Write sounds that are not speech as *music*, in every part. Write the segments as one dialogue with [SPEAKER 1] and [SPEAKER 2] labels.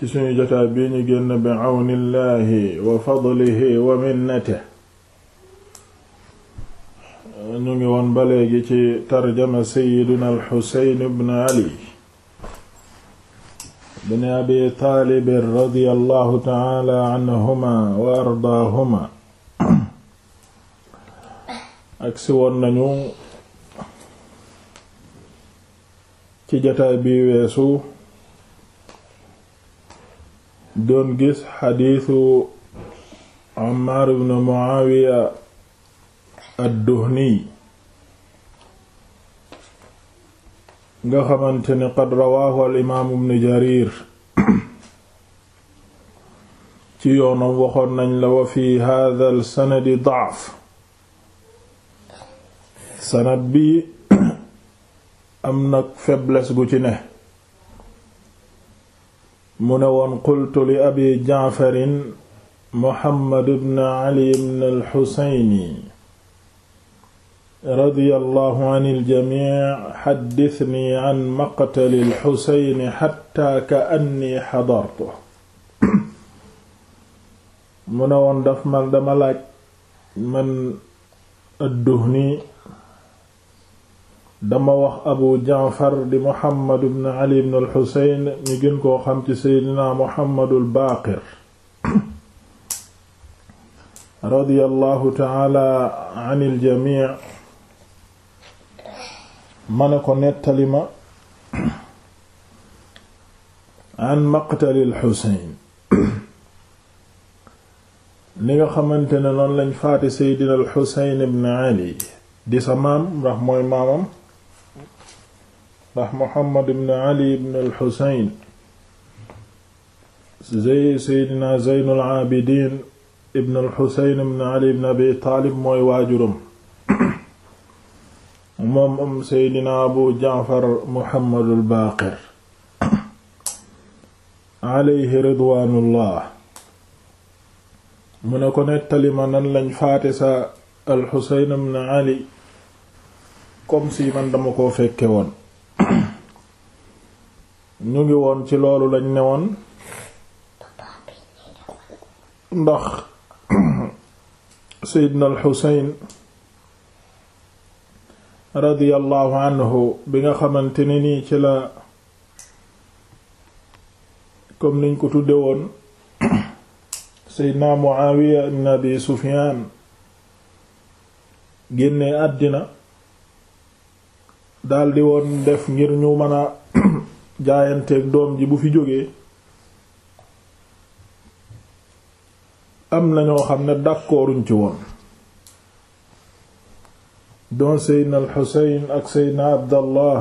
[SPEAKER 1] ci suñu jotaay bii ñu génn bi àwnillaahi wa fadlihi wa minnatihi ñu ngi woon ba léegi ci tarjama seydina alxuseyn ibn ali bin abi taalib radiyallahu taala anhuma wa ardaahuma agsi woon nañu ci jotaay bii weesu doon gis xadiisu Ammaar ibn Muawiya ad-Duhni nga xamante ni qad rawaahu al imaam ibn Jarir ci yoonam waxoon nañ la wa fi haaza al sanadi da'f sanad bi am nag faiblesse gu ci ne mu ne woon qultu li abi jaafarin mohammad bn ali bn alxuseyni radiyallahu an aljamic xaddisnii an maqtali alxuseyni xatta ka anni xadartu *coughs* mu ne woon daf man dama laaj man adduhni dama wax abu jaafar di muhammad bn ali bn alxuseyn ñu gën koo xam ci seydina muhammadul baaqir radiyallahu taala an iljamic ma ne ko nettali ma an maqtali alxuseyn ni nga xamante ne noonu lañ faate seydina alxuseyn bn ali di sa maam ndax mooy maamam ndax Muhammad ibn Ali ibn al-Husayn zey seydina Zeynul Ali ibn Abi Taalib mooy waajuram *coughs* moom moom seydina Abu Jaafar Muhammadul Baaqir *coughs* mu ne ko nettali ma nan lañ faate sa al Ali comme si man dama ko fekke woon *coughs* ñu ngi woon ci loolu lañ ne woon ndax *coughs* Seydina al-Xuseyn bi nga xamante ne nii ci la comme niñ ko tudde woon *coughs* Seydina Muawiya ibn Abi Sufyaan génne àddina daldi woon def ngir ñu mën a *clears throat* jaayanteeg doom ji bu fi jógee am na ñoo xam ne d'accorduñ ci woon doon seydna al xuseyn ak seydna abdallah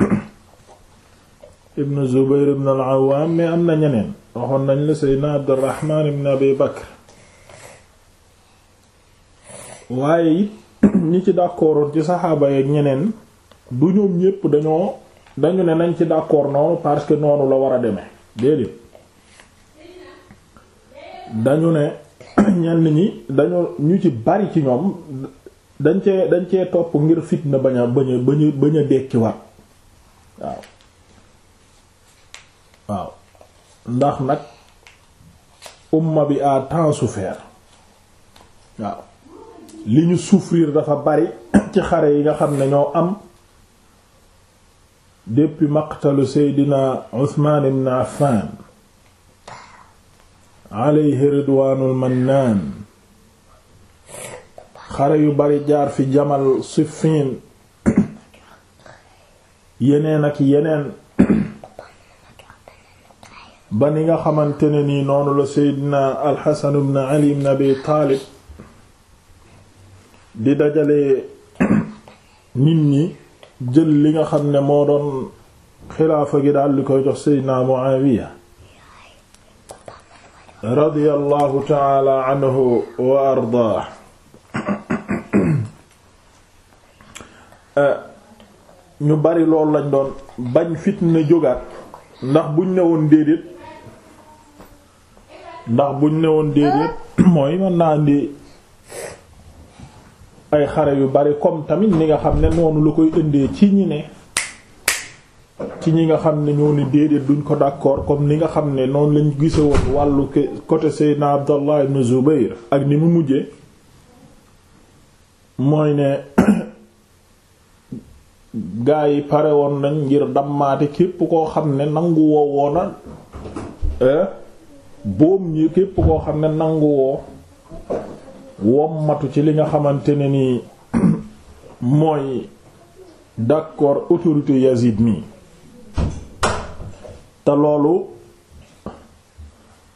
[SPEAKER 1] *clears throat* ibn zubayr ibn al awaam mais am na ñeneen waxoon nañ la seydna abdurrahmaan ibn abi bakr waaye it *clears throat* ñi ci d'accordoon ci saxaaba yeeg ñeneen du ñoom ñépp dañoo dañu ne nañ ci d'accord noonu parce que noonu la war a demee déedéet dañu ne *clears throat* ñenn ñi dañoo ñu ci bari ci ñoom dañ cee dañ cee topp ngir fitna bañ a bañ a bañ a bañ a dekkiwaat waaw waaw ndax nag umma bi a tant souffert waaw li ñu souffrir dafa bari *clears throat* ci xare yi nga xam ne ñoo am. depuis maqtalu seydina Usmaan ibn Affaan aleyhi ridwaanul mannaan xare yu bari jaar fi Jamal Siffin yeneen ak yeneen ba ni nga xamante ni nii noonu la seydina Alxasan ibn Ali ibn Abi Taalib di dajale nit ñi jël li nga xam ne moo doon xilaafa gi daal di koy jox seydina Muawiya radiyallahu taala anhu wa ardaa *coughs* eh, ñu bari loolu lañ doon bañ fitna jógaat ndax buñ ne woon déedéet ndax buñ ne woon déedéet *coughs* mooy mën naa indi ay xare yu bari comme tamit ni nga xam ne noonu lu koy indee ci ñi ne ci ñi nga xam ne ñoo ni déedéet duñ ko d'accord comme ni nga xam ne noonu lañ gisewoon wàllu côté Seydina Abdallah ibn Zubayr ak ni mu mujjee mooy ne *coughs* yi pare woon nañ ngir dammaate képp koo xam ne nangu woo woona eh, boom ñi képp koo xam ne nanguwoo wommatu ci li nga xamante ne nii *clears throat* mooy d'accord autorité Yazid mi te loolu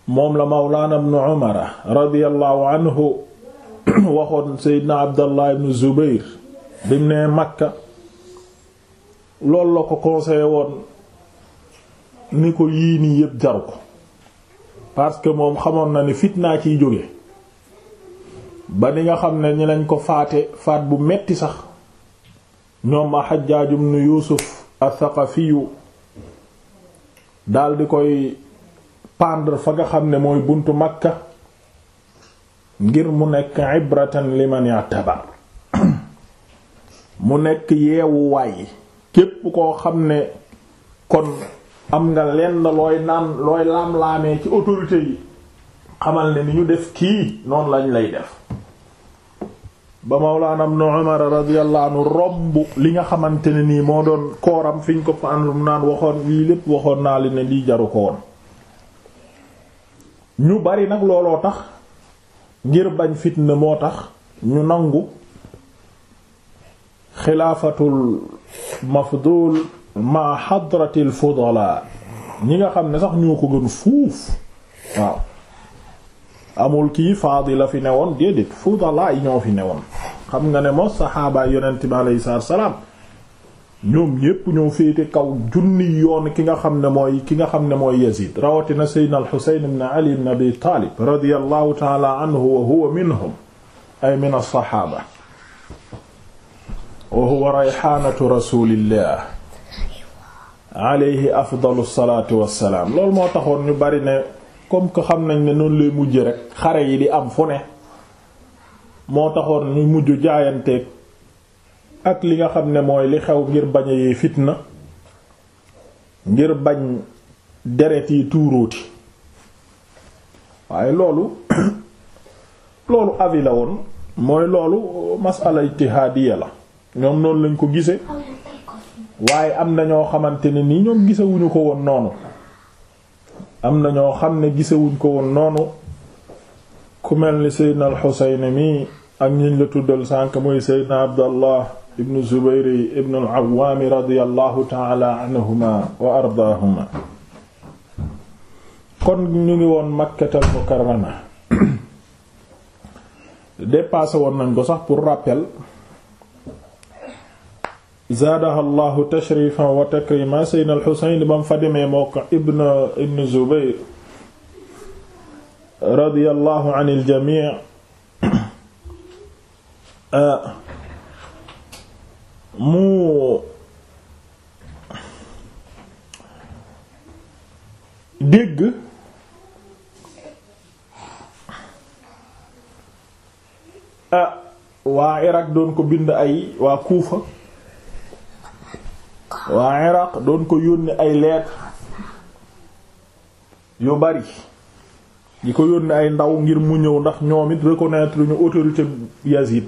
[SPEAKER 1] moom la Mawlaana ibn Umar radiyallahu anhu *clears throat* waxoon Seydina Abdallah ibn Zubayr bi mu Makka loolu la ko conseillé woon ni ko yii nii yépp jaru ko parce que moom xamoon na ni fitnaa ciy jóge ba ni nga xam ne ni lañ ko faate faat bu metti sax ñoom a Hajjaaj ibn Yuusuf as-Saqafiyu daldi koy pendre fa nga xam ne mooy bunt Makka ngir mu nekk ibratan liman i'tabar *coughs* mu nekk yeewuwaay képp koo xam ne kon am nga lenn looy naan looy laam-laamee ci autorité yi xamal ne ni ñu def kii noonu lañ lay def ba mawlaana ibnu Umar radiyallahu romb li nga xamante ne nii moo doon kooram fi ñu ko fa àndum naan waxoon lii lépp waxoon naa li ne lii jaru ko woon ñu bari nag looloo tax ngir bañ fitna moo tax ñu nangu xilaafatul mafdul ma xadratil fudala ñi nga xam ne sax ñoo ko gën fuuf waaw amul kii faadila fi newoon déedéet fudala yi ñoo fi newoon xam nga ne moo saxaaba yonent bi alayhi salaam ñoom ñépp ñoo féete kaw junni yoon ki nga xam ne mooy ki nga xam ne mooy Yazid rawatina Seydina al-Husayn ibn Ali ibn Abi Talib radiyallahu ta'ala wa huwa minhum ay min as wa huwa rayhaanatu rasulillah alayhi moo taxoon ñu bari ne comme que xam nañ ne noonu lay mujje rek xare yi di am fu ne moo taxoon ñu mujj jaayanteeg ak li nga xam ne mooy li xew ngir bañ a fitna ngir bañ deret yi tuurooti waaye loolu *coughs* loolu avi woon mooy loolu masala ijtihaadiya la ñoom noonu lañ ko gise waaye am na ñoo xamante ne nii ñoom gisewuñu ko woon noonu am na ñoo xam ne gisewuñ ko woon noonu ku mel ni seydna al xuseyn mi ak ñiñ la tuddal sànk muy seydna abdallah ibnu zubayri ibnu al radiallahu taala anhuma wa ardaahuma kon ñu ngi woon makkatal mukarrama *coughs* dépassé woon nañ ko sax pour rappel zaadaha llahu tashrifan wa takrima seydna al xusayn ba mu fa demee moo ko ibn ibn zubayr radiyallahu *coughs* ah, mu dégg ah, waa Irak doon ko bind ay waa Kuufa waa Iraq doon ko yónni ay lettre yu bari di ko yónni ay ndaw ngir mu ñëw ndax ñoom it reconnaître ñu autorité Yazid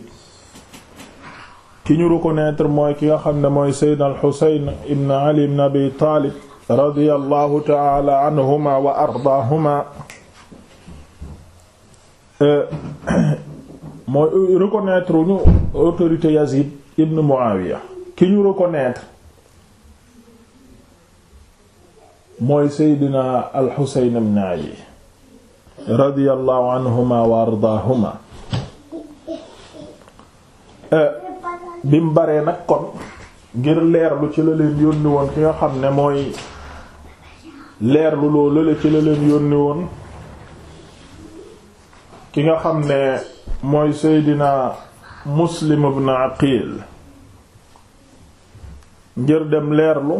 [SPEAKER 1] ki ñu reconnaître mooy ki nga xam ne mooy Seydina al-Husayn ibn Ali ibn Abi Talib radiyallahu ta'ala anhuma wa ardaahuma mooy reconnaître ñu autorité Yazid ibn Muawiya ki ñu reconnaître mooy seydina alxuseyn ibn ali radiyallahu anhuma wa ardaahuma eh, bi mu baree nag kon ngir leerlu ci la leen yónni woon ki nga xam ne mooy leerlu ki nga xam ne mooy seydina muslim ibn aqil ngir dem leerlu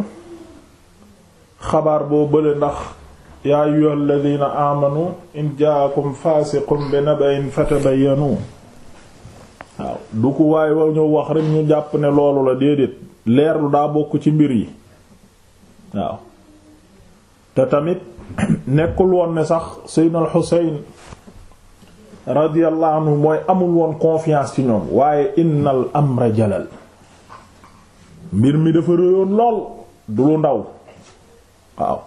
[SPEAKER 1] xabaar boo bële ndax yaa ayyuha alladina amanu in jaakum faasiqun bi naba'in fatabayyanu waaw du ko waay wa ñu wax rekk ñu jàpp ne loolu la déedéet leerlu daa bokk ci mbir yi waaw te tamit *clears throat* nekkul woon ne sax Seydina al-Husayn radiyallahu anhu mooy amul woon confiance ci ñoom waaye innal amra jalal mbir mi dafa rëyoon lool du lu ndaw waaw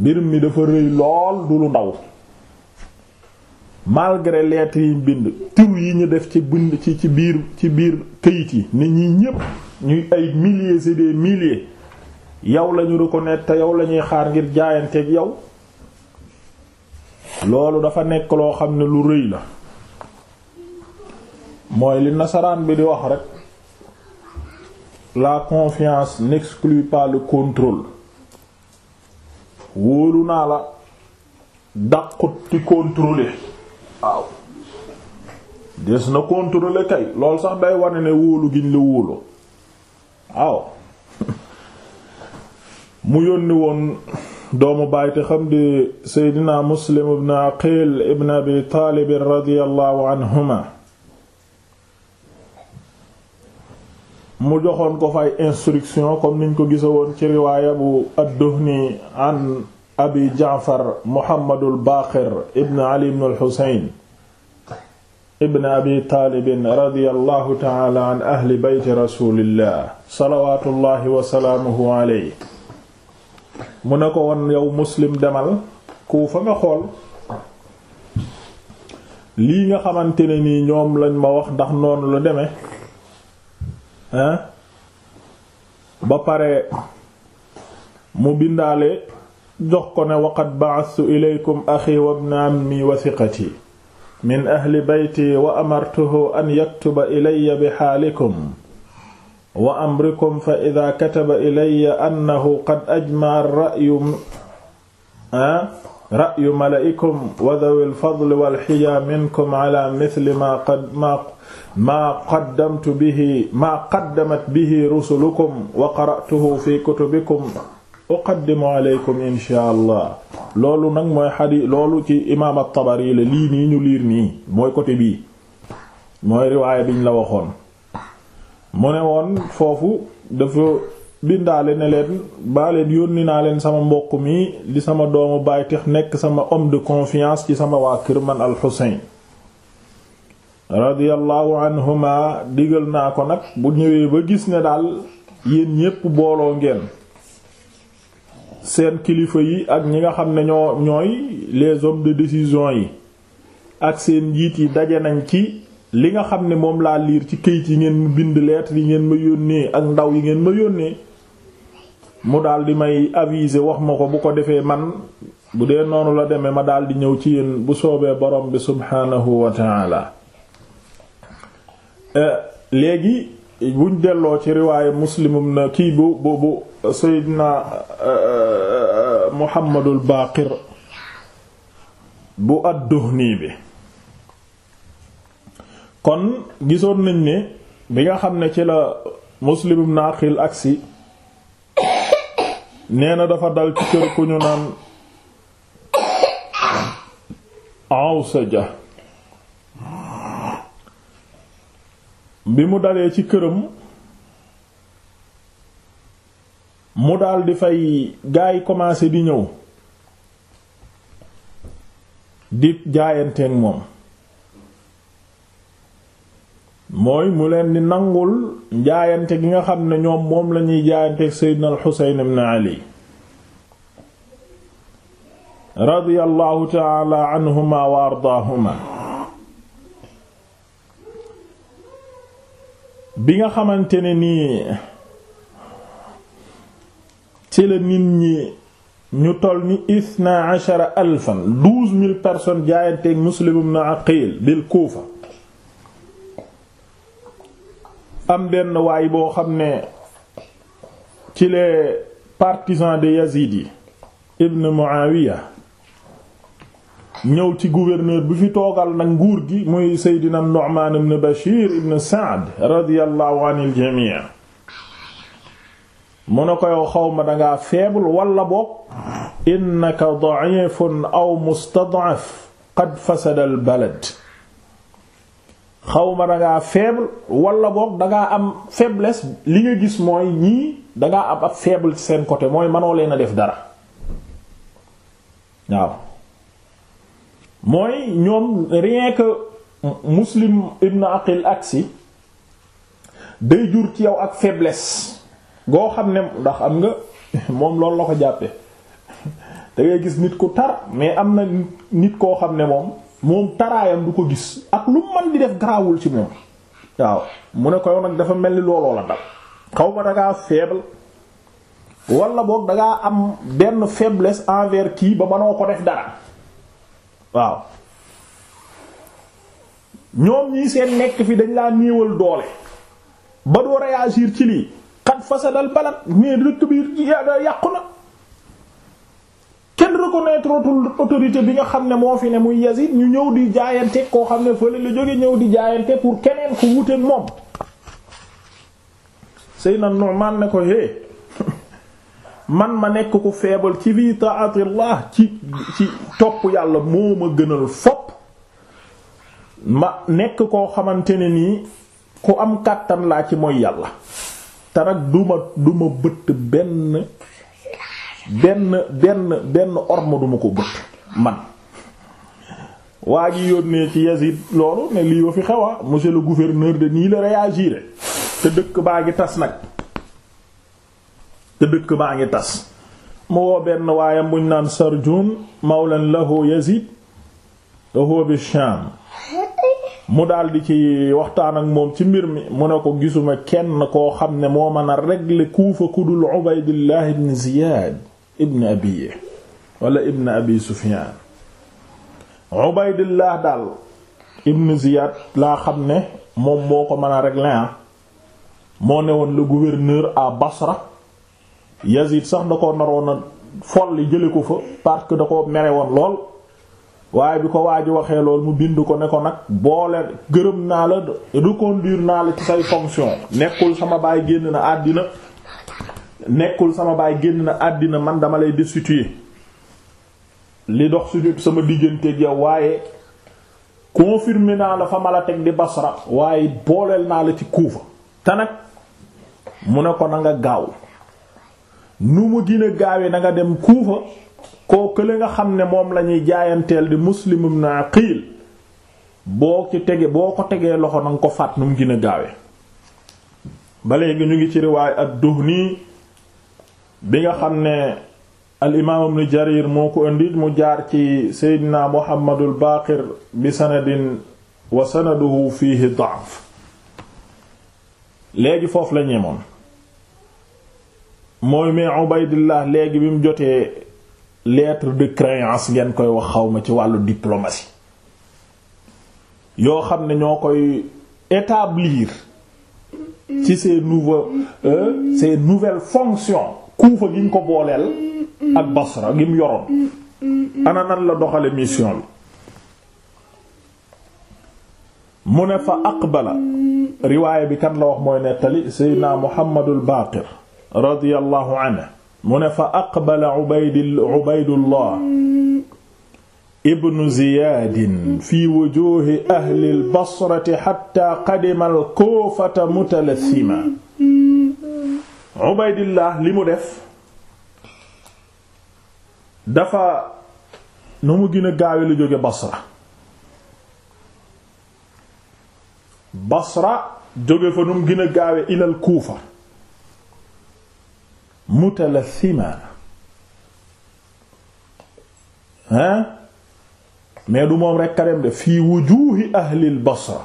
[SPEAKER 1] mbir mi dafa rëy lool du lu ndaw malgré lettres yi bind tur yi ñu def ci bind ci ci biir ci biir këyit yi ne ñi ñépp ñuy ay milliers c'est des milliers yow lañu reconnaître te yow lañuy xaar ngir jaayanteeg yow loolu dafa nekk loo xam ne lu rëy la mooy li nasaraan bi di wax rek la confiance n'exclut pas le contrôle wóolu naa la dàqut ci des na contrôler kay loolu sax day wane ne wóolu giñ la wóolu mu yónni woon doomu baay te xam di seydina muslim ibn aqil ibn abi taalib radiyallahu anhuma mu joxoon ko fay instruction comme niñ ko gisa woon ci riwaaya bu ad-Duhni an abi Jaafar Muhammadul Baqir ibn Ali ibn al-Husayn ibn abi taalibin radiyallahu taala ahli beyti rasulillah salawatullahi wasalaamuhu aley mu ne ko woon yow muslim demal Kuufa nga xool lii nga xamante ne nii ñoom lañ ma wax ndax noonu la deme ba pare mu bindaale jox ko ne waqad ba'astu ilaykum axi wa ibn ammi wa thiqati min ahli bayti wa amartuhu an yaktuba ilayya bi xaalikum wa amrikum fa ida kataba ilayya annahu qad ajmaa ra'yu ra'yu mala'ikum wa dhawi al-fadli wal hija minkum ala mithli ma qad ma maa qaddamtu bihi maa qaddamat bihi rusulukum wa qara'tuhu fi kutubikum uqaddimu aleykum inshaa allah loolu nag mooy xadi loolu ci imaam tabari la lii nii ñu liir nii mooy côté bii mooy riwaaya biñ la waxoon mu ne woon foofu dafa bindaale ne leen baa leen yónni naa leen sama mbokk mi li sama doomu baay tax nekk sama homme de confiance ci sama waa kër man al-Husayn radiyallahu anhuma digal naa ko nag bu ñëwee ba gis ne daal yéen ñépp booloo ngeen seen kilifa yi ak ñi nga xam ne ñooy les hommes de décision yi ak seen njiit yi daje nañ ci li nga xam ne moom laa liir ci këyit yi ngeen mu bind leet yi ngeen ma yónnee ak ndaw yi ngeen ma yónnee mu daldi may aviser wax ma ko bu ko defee man bu dee noonu la demee ma daal di ñëw ci yéen bu soobee borom bi subhaanahu wa ta'ala Euh, léegi buñ delloo ci riwaayu muslimum na kii bu bu bu Seydina euh, euh, Muhammadul Baqir bu at duhni bi kon gisoon nañ ni bi nga xam ne ci la muslimum na Aqil agsi nee na dafa dal ci kër ku ñu naan Awsaja bi mu dalee ci këram mu daldi fay gaay yi commencé di ñëw di jaayanteek moom mooy mu leen di nangul jaayante gi nga xam ne ñoom moom lañuy jaayanteek Seydina al-Husayn ibn Ali radiyallahu ta'ala wa ardaahuma bi nga xamante ne nii ci la nit ñi ñu toll ni isna ashara alfan douze mille personnes jaayanteeg Muslim ibn Aqil bil Kuufa am benn waay boo xam ne ci les partisans de Yazid yi ibn Muawiya ñëw ci gouverneur bi fi toogal nag nguur gi muy Seydina Nu'man ibn Bashir ibn Sa'd radiyallahu anil jami' mu ne ko yow xaw ma dangaa faible wala boog innaka da'ifun aw mustad'af qad fasada xawma dangaa faible wala boog dangaa am faiblesse li nga gis mooy ñii dangaa am ab faible seen côté mooy mënoo leen a def dara waaw mooy ñoom rien que muslim ibn aqil aksi day jur ci yow ak faiblesse goo xam ne ndax am nga *laughs* moom loolu la ko jàppe *laughs* da ngay gis nit ku tar mais am na nit koo xam ne moom moom taraayam du ko gis ak lu man di def garawul ci moom waaw mu ne ko yow nag dafa mel ni looloo la dal xaw ma dangaa faible walla boog dangaa am benn faiblesse envers kii ba mënoo ko def dara waaw ñoom ñii seen nekk fi dañ laa néewal doole ba doo réagir ci lii xat fasadal balad mais dëkk bi yàqu na kenn reconnaîtretul autorité bi nga xam ne moo fi ne muy Yazid ñu ñëw di jaayante koo xam ne fële la jóge ñëw di jaayante pour keneen ku wuteek moom Seydina Nu'man ne ko hé man ma nekk ko feebal ci fii taatillah ci ci topp yàlla moo ma gënal fopp ma nekk koo xamante ne nii ku am kàttan laa ci mooy yàlla te nag du ma bëtt benn benn benn benn orma duma ko bëtt man waa ji yónnee ci Yazid loolu ne lii wa fi xewa ah, monsieur le gouverneur de nii la réagir te dëkk baa ngi tas nag te dëkk baa ngi tas mu woo benn waayam buñ naan sarjun mawlan lahu yazid mu daldi ci waxtaan ak moom ci mbir mi mu ne ko gisuma kenn koo xam ne moo mën a régler kuufa kudul ubaydillah ibn ziyad ibn abi wala ibn abi sufyan ubaydillah daal ibn ziyad laa xam ne moom moo ko mën a régler ah. moo ne woon le gouverneur à basra Yazid sax da ko naroon a folli jële ko fa parce que da ko mere woon lool waaye bi ko waa ji waxee lool mu bind ko ne ko nag boole gërëm naa la reconduire naa la ci say fonction nekkul sama baay génn na àddina nekkul sama baay génn na àddina man dama lay destituer li dox suñu sama digganteeg yow waaye confirmer naa la fa ma la teg di Basra waaye booleel naa la ci Kuufa te nag mu ne ko na nga gaaw nu mu gën a gaawe na dem kuufa kooku la nga xam ne moom lañuy jaayanteel di muslim ibn aqil boo ko tegee loxo na ko faat nu mu gën a gaawe ba léegi ñu ngi ci riwaay ad-Duhni bi nga xam ne al imaam ibn Jarir moo ko indi mu jaar ci Seydina Muhammadul Baqir bi sanadin wa sanaduhu fiihi da'f léegi foofu la ñemoon mooy mais Ubaydillah léegi bi mu jotee lettre de créance ngeen koy wax xawma ci wàllu diplomatie yoo xam ne ñoo koy établir ci ces nouveaux euh, ces nouvelles fonctions kuufa gi ñu ko booleel ak Basra gi mu yoroon ana la doxale mission bi mu ne fa aqbala riwaaya bi kan la wax mooy nettali Seydina Muhammadul Baqir radiyallahu anhu mu ne fa aqbala ubayd ubaydullah ibnu ziyaadin fi wujuuhi ahli albasrati xatta qadima alkuufata mutalasima ubaydillah li mu def dafa nu mu gën a gaawe lu jóge basra basra jóge fa nu mu gën a gaawe ilal kuufa mutalathima hein mais du moom rekk dem de fii wujuhi ahlil basra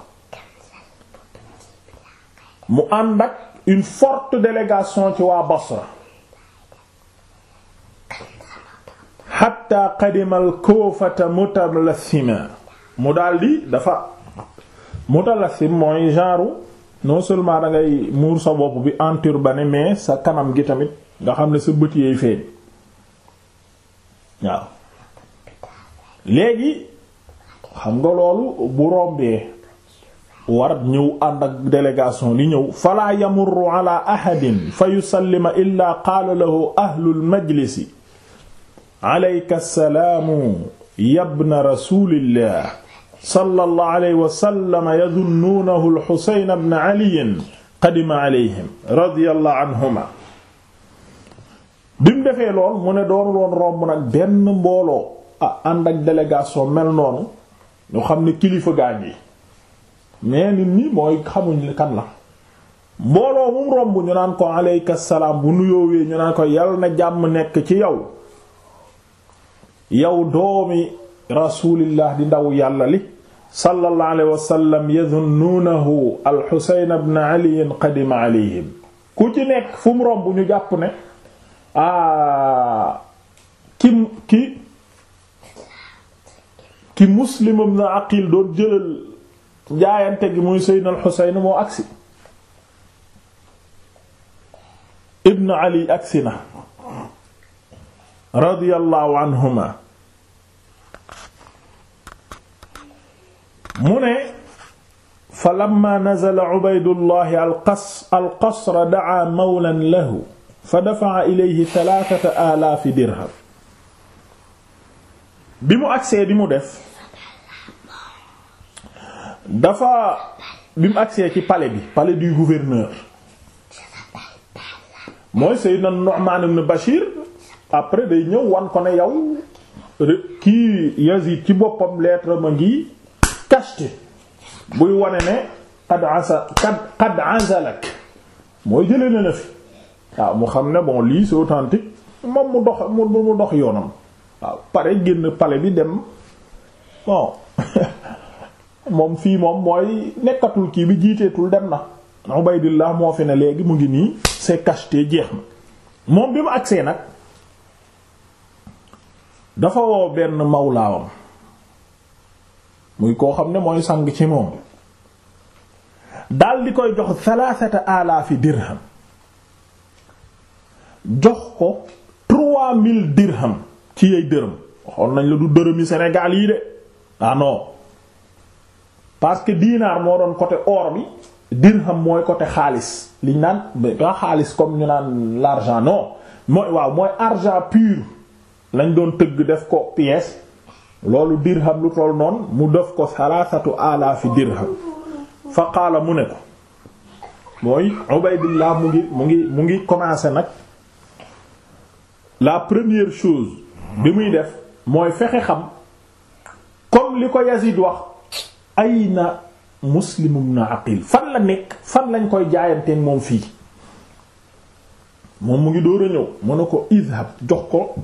[SPEAKER 1] mu ànd ak une forte délégation ci waa basra xatta qadimal koofata mutalathima mu daldi dafa mutalathim mooy genre non seulement muur sa bopp bi enturbané mais sa kanam gi tamit nga xam ne sa bët yeey feeñ waaw léegi xam nga loolu bu rombee war ñëw ànd ak délégation li ñëw fala yamurru ala ahadin fa yusallima illa qaala lahu ahlul majlisi alayka salaamu yabna rasulillah sallallahu alayhi wa sallam yadunnuunahu al-Husayn ibn Ali qadima alayhim radiyallahu anhuma defee lool mu ne doonuloon romb nag benn mbooloo a ànd ak délégation mel noonu ñu xam ni kilifa gaañ yi mais nit mooy xamuñ kan la mbooloo mum romb ñu naan ko aleyka salaam bu nuyoowee ñu naan ko yal na jàmm nekk ci yow yow doomi rasulillah di ndaw yàlla li sallallahu alayhi wa sallam yadunnuunahu al xusayn ibn ali qadima ku ci nekk fu mu romb ñu jàpp ne a ah, ki ki ki Muslim ibn Aqil doon jëlal jaayante gi muy Seydina al-Husayn moo agsi ibn Ali agsi na radiyallahu anhuma mu ne fa lamma nazala Ubaydullah al-Qasr al-Qasr da'a mawlan lahu fa dafa ilayhi thalathata alaafi dirham bi mu agsee bi mu def dafa bi mu agsee ci pale bi pale du gouverneur mooy Seydina Nu'man ibn Bashir après day ñëw wan ko ne yow kii Yazid ci boppam lettre ma ngi cacheté buy wane ne qad asa qad qad azalak mooy jëlee na fi waaw mu xam ne bon lii c'est authentique moom mu dox mu mu dox yoonam waaw pare génn pale bi dem bon *laughs* moom fii moom mooy nekkatul kii bi jiiteetul dem na Ubaydillah léegi mu ngi nii c'est cacheté jeex na moom bi mu agsee nag dafa woo benn mawlaawam muy koo xam ne mooy sang ci moom dal di koy jox thalathata alaafi dirham jox ko trois mille dirham ci yey dërëm waxoon nañ la du dërëmi Sénégal yi de ah parce que diinaar moo doon côté or bi dirham mooy côté xaalis liñ naan ba xaalis comme ñu naan l'argent non mooy waaw mooy argent pur lañ doon tëgg def ko pièce loolu dirham lu toll noonu mu def ko salaasatu alaafi dirham fa qaala mu ne ko mooy Ubaydillah mu ngi mu ngi mu ngi commencé nag la première chose bi muy def mooy fexe xam comme li ko Yazid wax ay na muslimum na fan la nekk fan lañ koy jaayanteeg moom fii moom mu ngi door a ñëw mën na ko idhab jox ko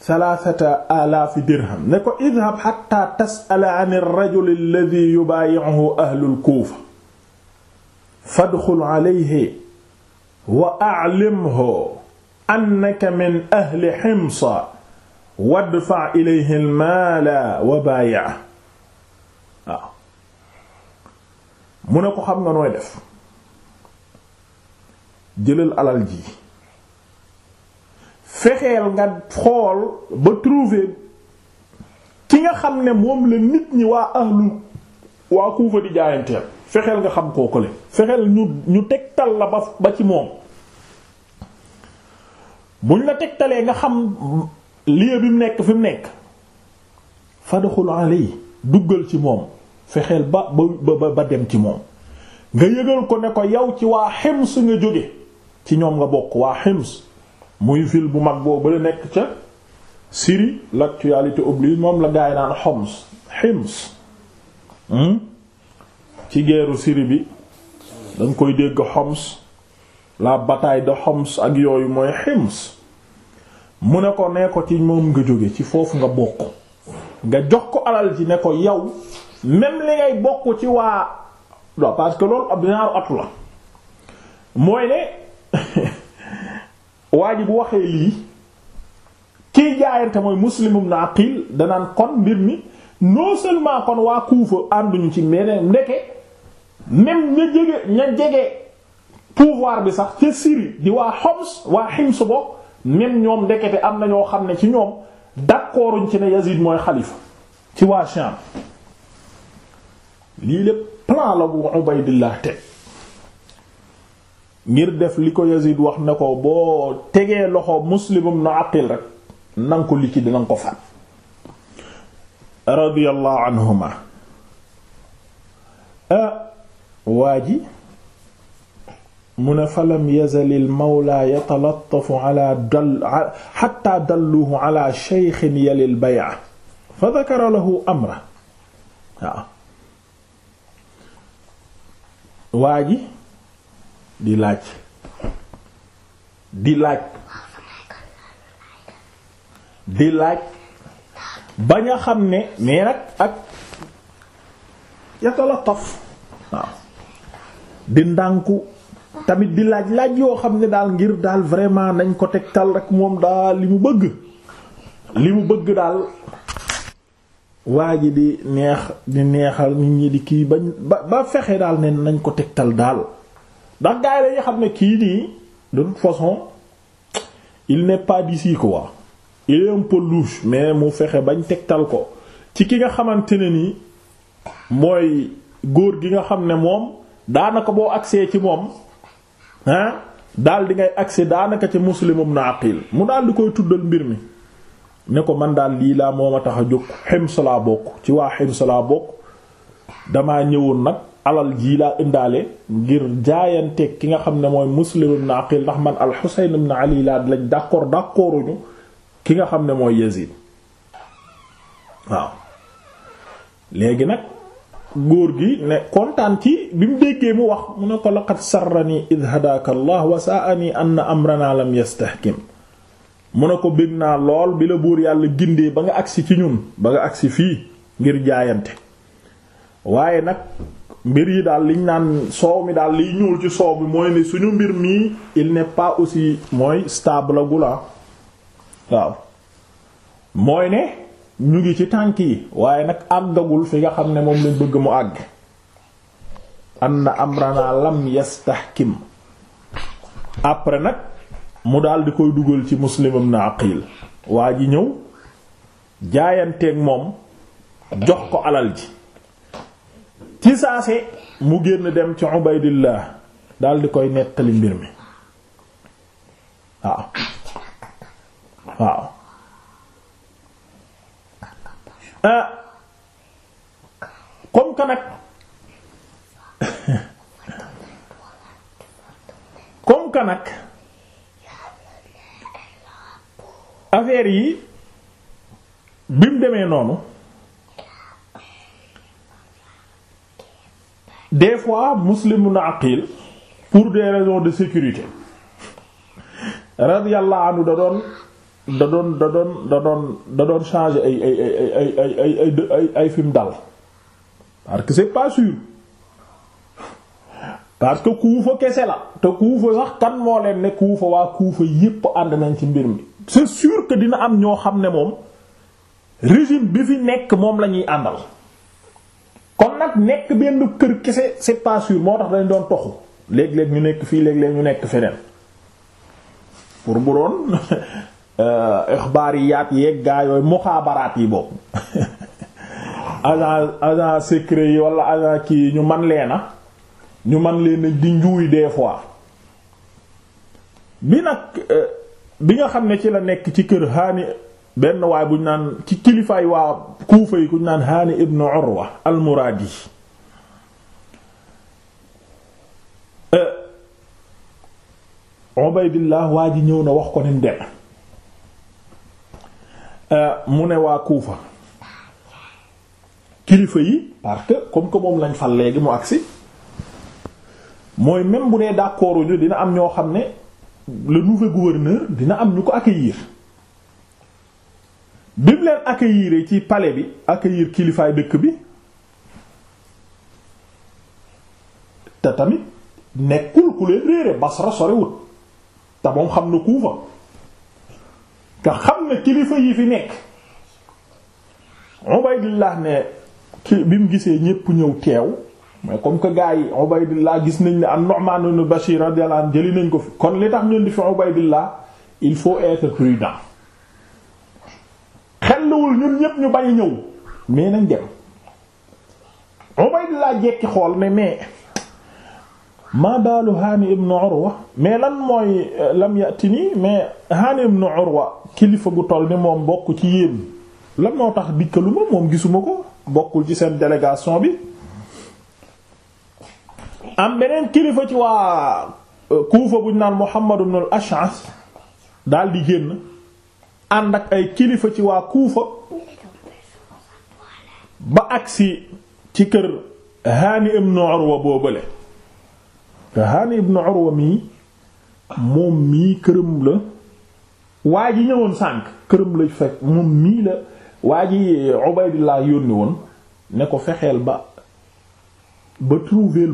[SPEAKER 1] thalathata alaafi dirham ne ko idhab hatta tas'ala an ar-rajul alladhi yubayi'uhu ahlul kufa fadkhul wa a'limhu annaka min ahli Himsa wadfa ilayhi al-maala waaw mu ne ko xam nga nooy def jëlal alal ji fexeel nga xool ba trouver ki nga xam ne moom la nit ñi waa ahlu waa Kuufa di jaayanteel fexeel nga xam koo ko le fexeel ñu ñu tegtal la ba ci moom buñ la tegtalee nga xam lieu bi nekk fi mu nekk fadxul alay duggal ci moom fexeel ba ba ba dem ci moom nga yëgal ko ne ko yow ci waa Hims nga jóge ci ñoom nga bokk waa Hims muy ville bu mag boobu la nekk ca Syrie l'actualité oblige moom la gaay naan Homs Hims hmm? ci geeru siri bi dañ koy dégg Homs la bataille de Homs ak yooyu mooy Hims mu ne ko nee ko ci moom nga jóge ci foofu nga bokk nga jox ko alal ji ne ko yow même li ngay bokk ci waa parce que loolu ab ñaaru atu la mooy ne *laughs* waa ji bu waxee lii kiy jaayante mooy Muslim ibn Aqil danaan kon mbir mi non seulement kon waa Kuufa ànduñu ci meneen ndeke même ña jege ña jege pouvoir bi sax ca Syrie di waa Homs waa Hims bokk même ñoom ndekete am na ñoo xam ne ci ñoom d'accorduñ ci ne Yazid mooy xalifa ci waa Sham lii lépp plan la bu Ubaydillah teg ngir def li ko Yazid wax ne ko boo tegee loxo muslimum na aqil rek nanga ko liquide nanga ko faat radiyallahu anhuma ah, waa ji mu ne falam yazalil mawla yatalattafu ala dal xatta dalluhu ala shaykhin yalil bay'a fa dakara lahu amra waaw waa ji di laaj di laaj di laaj ba nga xam ne mais nag ak yatalattaf waaw di ndànku tamit di laaj laaj yoo xam ne daal ngir daal vraiment nañ ko tegtal rek moom daal li mu bëgg li mu bëgg daal waa ji di neex di neexal nit ñi di kii ba ba fexe daal ne nañ ko tegtal daal ndax gars yi dañuy xam ne kii nii de toute façon il n'est pas d'ici wa il est un peu louche mais mu fexe bañ tegtal ko ci ki nga xamante ne ni mooy góor gi nga xam ne moom daanaka boo agsee ci moom ah daal di ngay agsi daanaka ci muslim ibn aqil mu daal di koy tuddal mbir mi ne ko man daal lii laa moom a tax a jóg Hims laa bokk ci waa Hims laa bokk damaa ñëwoon nag alal jii laa indaale ngir jaayanteeg ki nga xam ne mooy muslim ibn aqil ndax man al Husayn ibn Ali laa lañ d'accord d'accorduñu ki nga xam ne mooy Yazid waaw léegi nag góor gi ne kontaan ci bi mu déggee mu wax mu ne ko laqad sarrani id hadaaka allah wa sa'ani anna amrana yastahkim mu ne ko bég naa lool bi la buur yàlla gindee ba nga agsi ci ñun ba nga agsi fii ngir jaayante waaye nag mbir yi daal liñ naan soow mi daal liy ñuul ci soow bi mooy ne suñu mbir mii il n'est aussi mooy stable gu la waaw mooy ne ñu ngi ci tànk yi waaye nag àggagul fi nga xam ne moom lañ bëgg mu àgg anna amrana lam yastahkim après nag mu daal di koy dugal ci muslimam na aqil waa ji ñëw jaayanteeg moom jox ko alal ji ci saase mu génn dem ci ubaydillah daal di koy nettali mbir mi waaw waaw Ah. comme que nag *laughs* comme affaire yi bim demee noonu des fois muslimu na aqil pour des raisons de sécurité radiyallahu da doon da doon da doon da doon da doon changer ay ay ay ay fim dal parce que c'est pas parce que Kuufa kese la te Kuufa sax kan moo leen ne Kuufa waa Kuufa yépp ànd nañ ci mbir mi c'est sûr que dina am ñoo xam ne moom régime bi fi nekk moom lañuy àndal kon nag nekk benn kër kese c'est pas sûr moo tax dañ doon toxu léeg-léeg ñu nekk fii léeg-léeg ñu nekk feneen pour bu doon *laughs* Euh, ixbaariyaat yeeg gaa yooyu muxaabaraat yi boobu *laughs* agent agent secret yi wala agent kii ñu man leena ñu man leena di njuuy des fois bi nag euh, bi nga xam ne ci la nekk ci kër haani benn waaye bu ñu naan ci kilifaay waa kuufa yi ku ñu naan haani ibn urwa almuraadi euh, ubaydillah waa ji ñëw na wax ko ni mu demee Euh, mu ne waa Kuufa kilifa yi parce que comme que moom lañ fal léegi mu agsi mooy même bu nee d'accord ñu dina am ñoo xam ne le nouveau gouverneur dina am ñu ko accueillir bi mu leen accueillir ci pale bi accueillir kilifaay dëkk bi te tamit nekkul ku leen réere Basra sorewut te moom xam na Kuufa nga xam ne kilifa yi fi nekk Ubaydillah ne ki bi mu gisee ñépp ñëw teew mais comme que gars yi Ubaydillah gis nañ ne am Nu'man ibn Bashir radiyallahu anhu jëli nañ ko fi kon li tax ñun di fi Ubaydillah il faut être prudent xelluwul ñun ñépp ñu bañ ñëw mais nañ dem Ubaydillah jekki xool ne mais maa baalu Haani ibn Urwa mais lan mooy euh, lam nii mais Haani ibn Urwa kilifa gu toll ni moom bokk ci yéen lan moo tax dikkalu moom gisuma ko bokkul ci seen délégation bi am beneen kilifa ci waa euh, Kuufa naan Muhammad ibn al-Ash'ath daal di génn ànd kilifa ci waa Kuufa ba agsi ci kër Haani ibn Urwa boobale te Haani ibn Urwa mii moom mii këram la waa ji ñëwoon sànq këram la fekk moom mii la waa ji Ubaydillah yónni woon ne ko fexeel ba ba trouver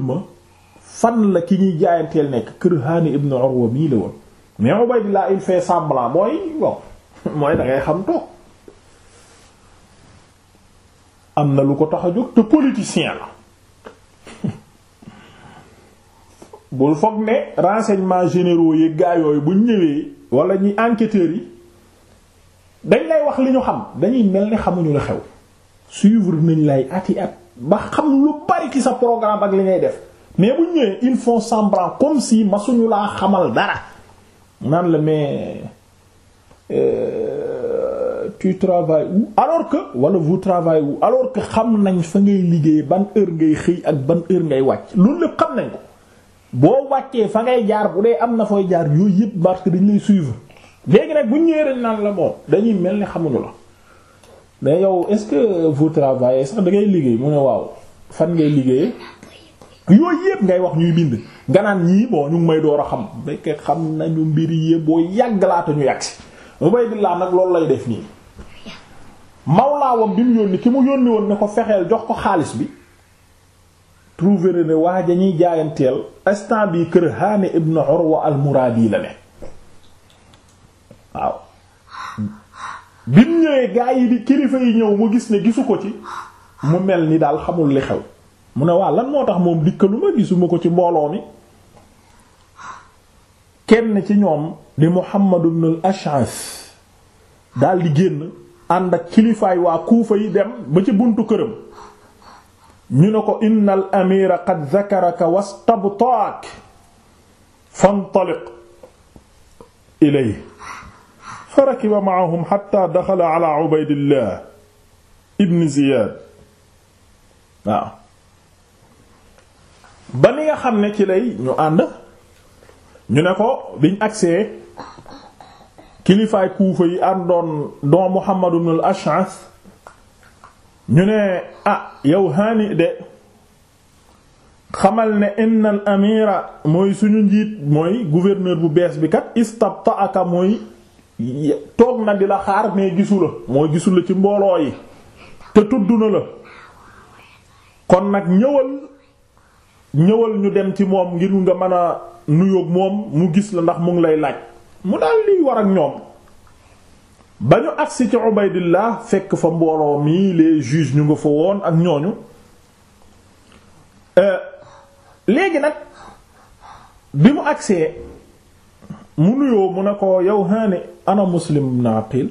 [SPEAKER 1] fan la ki ñuy jaayanteel nekk kër Haani ibn Urwa mii la woon mais Ubaydillah il fait semblant mooy bon *laughs* mooy da ngay xam toog am na lu ko tax a jóg te politicien la bul foog ne renseignements généraux yi gaa yooyu bu ñëwee wala ñi enquêteurs yi dañ lay wax li ñu xam dañuy mel ni xamuñu la xew suivre nañ lay ati at ba xam lu bari ci sa programme ak li ngay def mais bu ñëwee ils font semblant comme si masuñu laa xamal dara naan la mais euh, tu travailles où alors que wala vous travaillez wu alors que xam nañ fa ngay liggéey ban heure ngay xëy ak ban heure ngay wàcc loolu lépp xam nañ ko. boo wàccee fa ngay jaar bu dee am na fooy jaar yooyu yëpp parce que dañ lay suivre léegi nag bu ñëwee naan la bon dañuy mel ni xamuñu la mais yow est-ce que vous travaillez sax da ngay liggéey mu waaw fan liggéey yooyu yëpp ngay wax ñuy bind nga naan ñii bon ñu ngi may door a xam béykat xam nañu mbir yëpp boo yàgg laata ñu yàgg si Ubaydillah nag loolu lay def nii mawlaawam bi mu yónni ki mu yónni woon ne ko fexeel jox ko xaalis bi. trouver ne waa ja ñuy jaayanteel instant bi kër haani ibn Urwa al-Muradi la ne waaw bi mu ñëwee gaa yi di kilifa yi ñëw mu gis ne gisu ko ci mu mel ni daal xamul li xew mu ne waa lan moo tax moom dikkalu ma gisuma ko ci mbooloo mi kenn ci ñoom di Muhammad ibn al-Ash'ath daal di génn ànd ak kilifaay waa Kuufa yi dem ba ci buntu këram ñu ne ko inna al amira qad dhakaraka wastabtaak fantaliq ilayhi fa rakiba ma'ahum hatta dakhala ala ibn ziyad waaw xam ne ci ñu ànd ñu ne ko biñ agsee kilifaay kuufa yi àndoon muhammad ibn al ñu ne ah yow haani de xamal ne inna al amira mooy suñu njiit mooy gouverneur bu bees bi kat istabtaaka mooy toog na di la xaar mais gisu la mooy gisu la ci mbooloo yi te tudd na la kon nag ñëwal ñëwal ñu dem ci moom ngir nga mën a nuyoog moom mu gis la ndax mu ngi lay laaj mu daal liy war ak ñoom ba ñu agsi ci Ubaydillah fekk fa mbooloo mii les juges ñu nga fa woon ak ñooñu euh, léegi nag bi mu agsee mu nuyoo mu ne ko yow haani ana Muslim ibn Aqil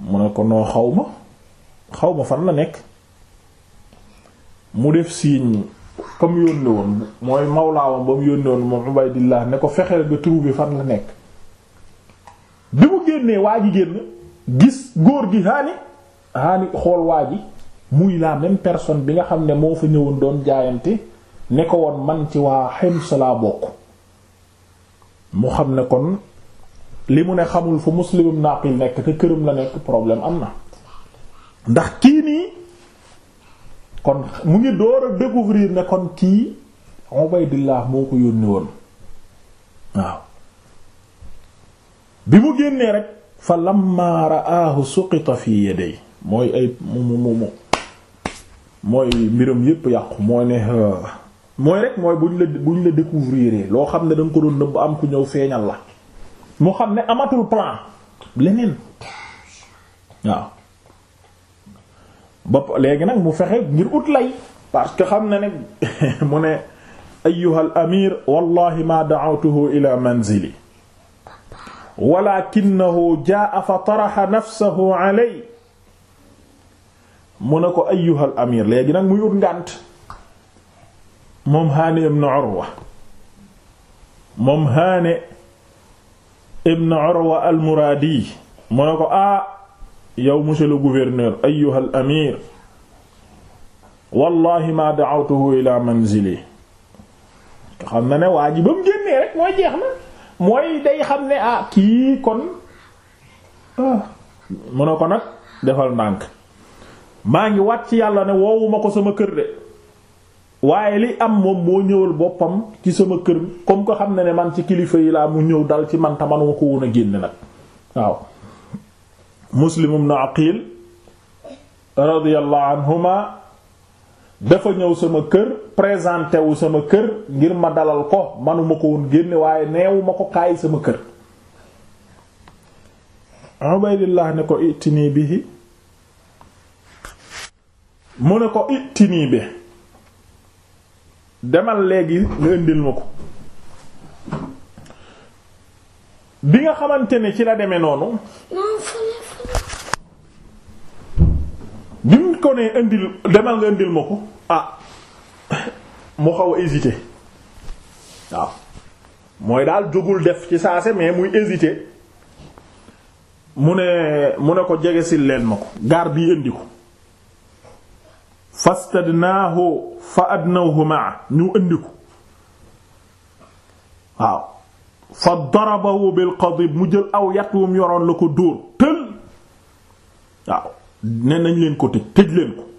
[SPEAKER 1] mu ne ko noo xaw ma xaw ma fan la nekk mu def signe comme yónni woon mooy mawlaawam ba mu yónni woon moom Ubaydillah ne ko fexeel nga trouver fan la nekk bi mu génnee waa ji génn gis góor gi haani haani xool waa ji muy la même personne bi nga xam ne moo fa ñëwoon doon jaayante ne ko woon man ci waa Hims laa bokk mu xam ne kon li mu ne xamul fu muslimum naqil nekk te këram la nekk problème am na ndax kii nii kon mu ngi door a découvrir ne kon kii Ubaydillah moo ko yónni woon waaw bi mu génnee rek fa lamma raahu suqita fi yaday mooy ay mu mu mu mooy mbiram yépp yàqu mooy ne euh, mooy rek mooy buñ la buñ la découvrir loo xam ne da nga ko doon nëbb am ku ñëw feeñal la mu xam ne amatul plan leneen waaw ba léegi nag mu fexe ngir ut lay parce que xam na ne *laughs* mu ne ayyuha al amir wallahi ma da'awtuhu ila manzili walakinahu jaa fa taraxa nafsahu aley mu ne ko ayyuhal amir léegi nag muy ut ngànt moom Haani ibn Urwa moom Haani ibn Urwa al-Muraadi mu ne ko ah yow monsieur le gouverneur ayyuhal amir wallahi ma da'awtuhu ila manzili xam na ne waa ji mu génnee rek mooy jeex na mooy day xam ne ah kii kon ah, mu ne ko nag defal ndànk maa ngi wat ci yàlla ne woowuma ko sama kër de waaye li am moom moo ñëwal boppam ci sama kër comme ko xam ne ne man ci kilifa yi laa mu ñëw dal ci man taman wa ko woon a génne nag waaw muslim ibn aqil radiyallahu anhuma dafa ñëw sama kër présenté wu sama kër ngir ma dalal ko manuma ko woon génne waaye neewu ma ko kaay sama kër Ubaydillah ne ko ittinii bihi mu ne ko ittinii bi demal léegi nga indil ma ko bi nga xamante ni ci la demee noonu bi mu ko ne indil demal nga indil ma ko ah mu xaw a hésité waaw mooy daal jógul def ci saase mais muy hésité mu ne mu ne ko jege si leen ma ko gaar bii indi ko fastadnaahu fa adnawhu maa ñu indi ko waaw fa darabahu bil qadib mu jël aw yat wum yoroon la ko dóor tël waaw ne nañ leen ko tëj tëj leen ko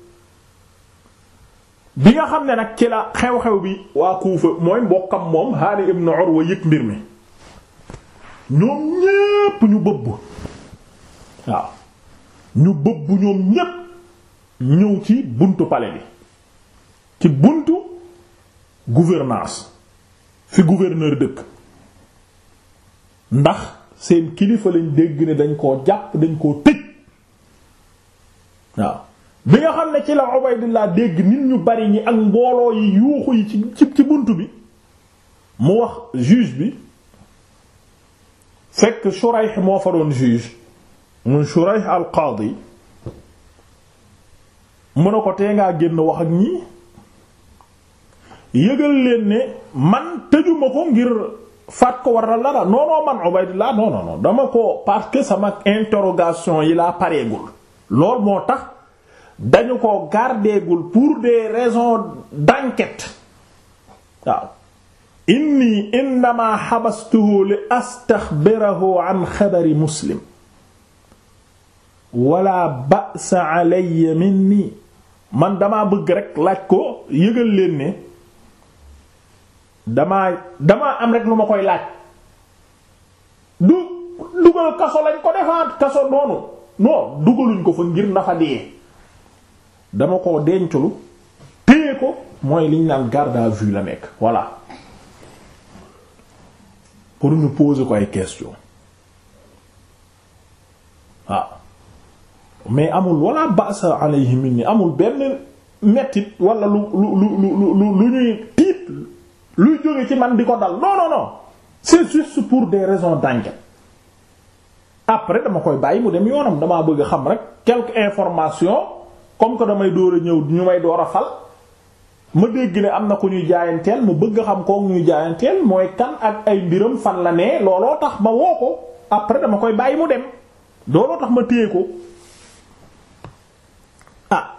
[SPEAKER 1] bi nga xam ne nag ci la xew-xew bi waa Kuufa mooy mbokkam moom Haani ibn Urwa yëg mbir mi ñoom ñépp ñu bëbb waaw ñu bëbb ñoom ñépp ñëw ci buntu palais bi ci buntu gouvernance fi gouverneur dëkk ndax seen kilifa lañ dégg ne dañ koo jàpp dañ koo tëj bi nga xam ne ci la Ubaydullah dégg nit ñu bari ñi ak mbooloo yi yuuxu yi ci ci bunt bi mu wax juge bi fekk Shurayh moo fa doon juge mun Shurayh al qaadi mu ne ko tee ngaa génn wax ak ñi yëgal leen ne man tëjuma ko ngir faat ko war dara non non man Ubaydullah non dama ko parce que sama interrogation yi laa pareegul lool moo tax dañu ko gardeegul pour des raisons d'enquête waaw inni innama xabastuhu li astaxbirahu an xabari muslim wala ba'sa alayya minni man damaa bëgg rek laaj ko yëgal leen ne damaa damaa am rek lu ma koy laaj du dugal kaso lañ ko defaat kaso noonu non dugaluñ ko fa ngir nafa dee dama ko denculu téye ko mooy liñ naan garde à vue la nekk voilà pour ñu poser ko ay question waaw mais amul wala basa alayhi min ni amul benn mettit wala lu lu lu lu lu ñuy tiit luy jóge ci man di ko dal non non non c'est juste pour des raisons d'enquête après dama koy bàyyi mu dem yoonam damaa bëgg xam rek quelques information comme que damay door a ñëw ñu may door a fal ma dégg ne am na ko ñuy jaayanteel mu bëgg xam kooku ñuy jaayanteel mooy kan ak ay mbiram fan la ne looloo tax ma woo ko après dama koy bàyyi mu dem looloo tax ma téye ko ah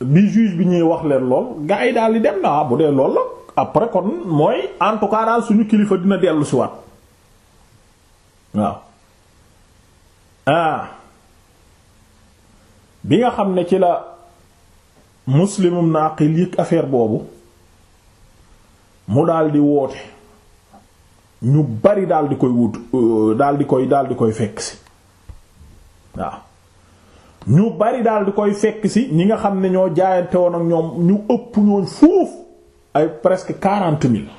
[SPEAKER 1] bi juge bi ñuy wax leen lool gaa yi daal di dem na ah, bu dee lool la après kon mooy en tout cas suñu kilifa dina dellu si waaw ah. bi nga xam ne ci la muslimum naaqil yëg affaire boobu mu daldi woote ñu bari daldi koy wut euh, daldi koy daldi koy fekk si waaw ñu bari daldi koy fekk si ñi nga xam ne ñoo jaayante woon ak ñoom ñu ëpp ñooñ foofu ay presque quarante mille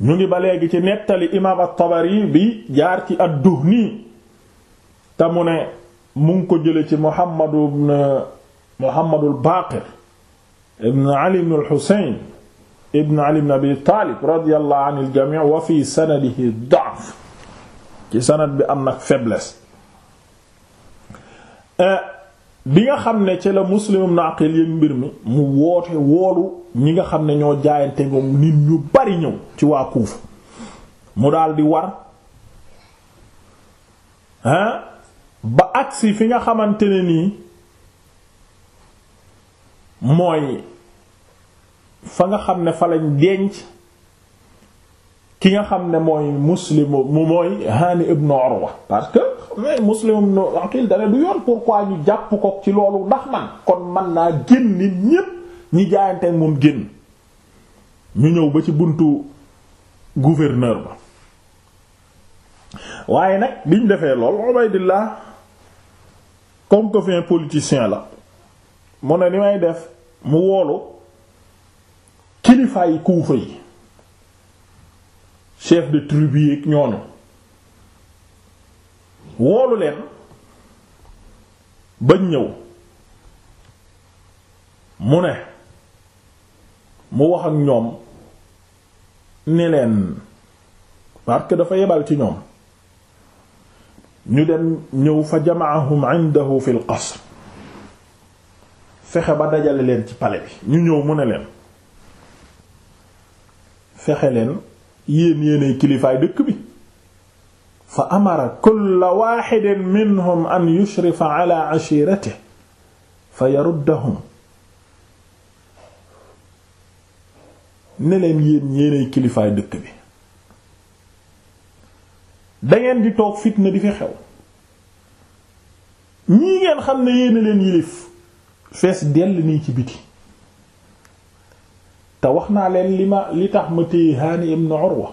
[SPEAKER 1] ñu ngi ba léegi ci nettali imaam tabari bi jaar ci ad-Duhni te mu ne mu ngi ko jële ci Muhammadu ibn Muhammadul Baqir ibn Ali ibn al-Husayn Ali ibn Abi Talib radiyallahu anil jami' wa fi sanadihi da'f ci sanad bi am nag faiblesse eh, bi nga xam ne ci la Muslim ibn Aqil yëg mbir mi mu woote woolu ñi nga xam ne ñoo jaayante moom nit ñu bari ñëw ci waa Kuufa mu daldi war ah ba agsi fi nga xamante ne nii mooy fa nga xam ne fa lañ denc ki nga xam ne mooy muslim mu mooy Hani ibn Urwa parce que mais muslim ibn Aqil dana du yoon pourquoi ñu jàpp ko ci loolu ndax man kon man laa génn nit ñépp ñi jaayante moom génn ñu ñëw ba ci buntu gouverneur ba waaye nag biñ defee lool Ubaydillah comme que fin politicien la mu ne ni may def mu woolu kilifaay kuufa yi chef de tribu yi ñooñu woolu leen bañ ñëw mu ne mu wax ak ñoom ni leen parce que dafa yebal ci ñoom ñu dem ñëw fa jamaahum indahu fil qasr fexe ba dajale leen ci palais bi ñu ñëw mu ne leen fexe leen yéen yéenay kilifaay dëkk bi fa amara kulla waxidin minhum an yushrifa ala ashiratihi fa yaruddahum ne leen yéen yéenay kilifaay dëkk bi dangeen di toog fitna di fi xew ñii ngeen xam ne yéena leen yilif fees dell nii ci biti te wax naa leen li ma li tax ma téye Haani ibn Urwa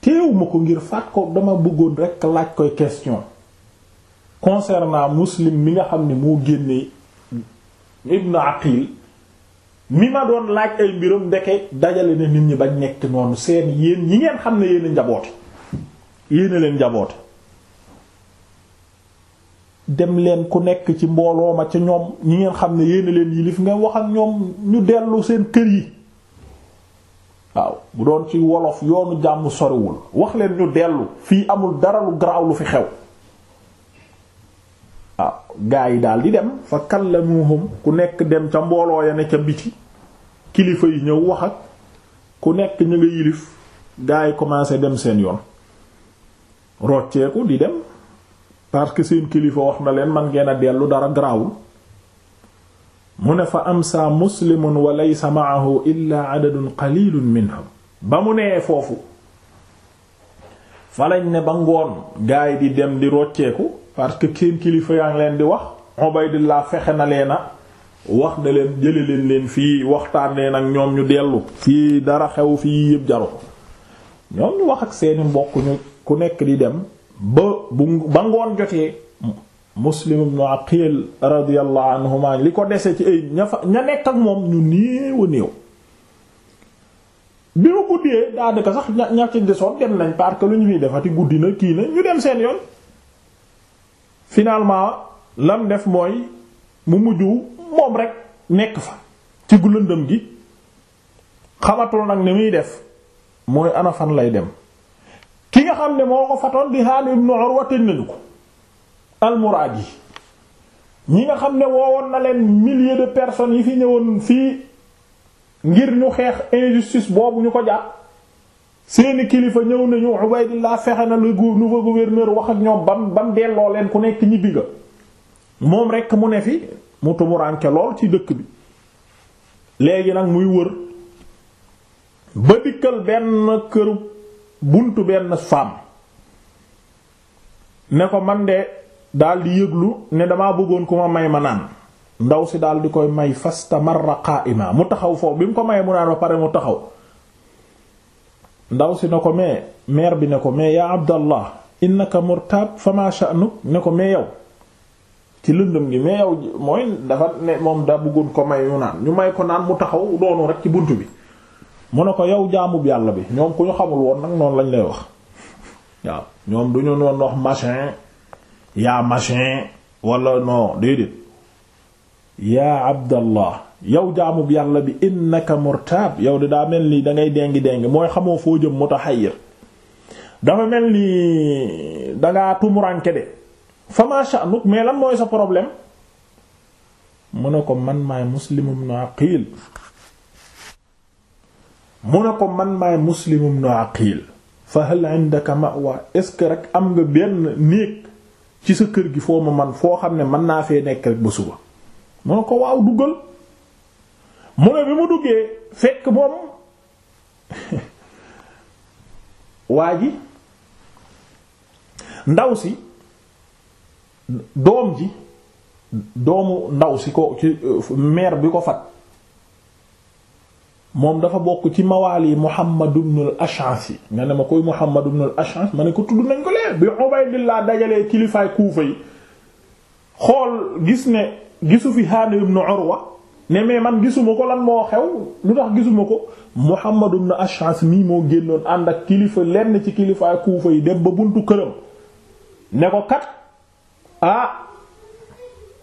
[SPEAKER 1] teewu ko ngir faat ko dama bëggoon rekk laaj koy question concernant Muslim mi nga xam ne moo génne ibn Aqil mi ma doon laaj ay mbiram ndeke dajale na nit ñi bañ nekk noonu seen yéen ñi ngeen xam ne yéen a njabooti yéene leen jaboote dem leen ku nekk ci mbooloo ma ca ñoom ñi ngeen xam ne yéene leen yilif nga wax ak ñoom ñu dellu seen kër yi waaw bu doon ci wolof yoonu jàmm soriwul wax leen ñu dellu fii amul dara lu garaaw lu fi xew waaw ah, gaa yi daal di dem fa kallamuhum ku nekk dem ca mbooloo ya ne ca biti kilifa yi ñëw wax ak ku nekk ñu nga yilif gaa yi commencé dem seen yoon rocceeku di dem parce que seen kilifa wax na leen man ngeen a dellu dara garaawul mu ne fa amsa muslimun wa laysa ma'ahu illa adadun min minhum ba mu nee foofu falañ ne ba ngoon gaay di dem di rocceeku parce que seen kilifa yaa ngi leen di wax Ubaydillah fexe na leena wax na leen leen leen fii waxtaan leen ak ñoom ñu dellu fii dara xew fii yëpp jaru ñoom ñu wax ak seeni mbokk ku nekk di dem ba bu ba ngoon jotee muslim ibn aqil radiyallahu anhuma li ko desee ci ay ña fa ña nekk ak moom ñu néew a néew bi mu guddee daanaka sax ña ña ci desoon dem nañ parce que lu ñu fiy defati guddi na kii na ñu dem seen yoon finalement lam def mooy mu mujj moom rek nekk fa ci gulëndëm gi xamatul nag ni muy def mooy ana fan lay dem xam ne moo ko fatoon di Haani ibn Urwa tëj nañu ko al ñi nga xam ne woowoon na leen milliers de personnes yi fi ñëwoon fii ngir ñu xeex injustice boobu ñu ko jàpp seeni kilifa ñëw nañu Ubaydillah fexe na le nouveau gouverneur wax ak ñoom bam bam delloo leen ku nekk ñibbi nga moom rekk mu ne fi mu tumuraanke lool ci dëkk bi léegi nag muy wër ba dikkal benn këru buntu benn femme ne ko man de daal di yëglu ne damaa bëggoon ku ma may ma naan ndaw si daal di koy may fastamarra qaa'ima mu taxaw foofu bi mu ko mayee mu naan ba pare mu taxaw ndaw si ne ko mais mère bi ne ko mais yaa abdallah innaka murtab fama sha'nuk ne ko mais yow ci lëndëm gi mais yow mooy dafa ne moom daa bëggoon ko may mu naan ñu may ko naan mu taxaw doonu rek ci bunt bi mu ne ko yow jaamub yàlla bi ñoom ku ñu xamul woon nag noonu lañ lay wax waaw ñoom du ñu noon wax machin yaa machin wala non déedéet yaa abdallah yow jaamub yàlla bi innaka murtaab yow de daa mel nii da ngay déngi déngi mooy xamoo foo jëm mutahayyir dafa mel ni dangaa tumuranke de fa ma sha'nuk mais mooy sa problème mu ne ko man maay muslim ibn aqil mu ne ko man maay Muslim ibn Aqil fa hal indaka ma'wa est-ce que rek am nga benn néeg ci sa kër gi foo ma man foo xam ne mën naa fee nekk rek ba suba mu ne ko waaw duggal mu ne bi mu duggee fekk moom *laughs* waa ji ndaw si doom ji doomu ndaw si ko ci euh, mère bi ko fat moom dafa bokk ci mawaali Muhammad ibn al-Ash'as nga ne ma koy Muhammad ibn al-Ash'as ma ne ko tudd nañ ko lee bi Ubaydillah dajalee kilifaay Kuufa yi xool gis ne gisu fi Haani ibn ne mais man gisuma ko lan moo xew lu tax gisuma ko Muhammad ibn Ash'as mii moo génnoon ànd ak kilifa lenn ci kilifaay Kuufa yi dem ba buntu këram ne ko kat ah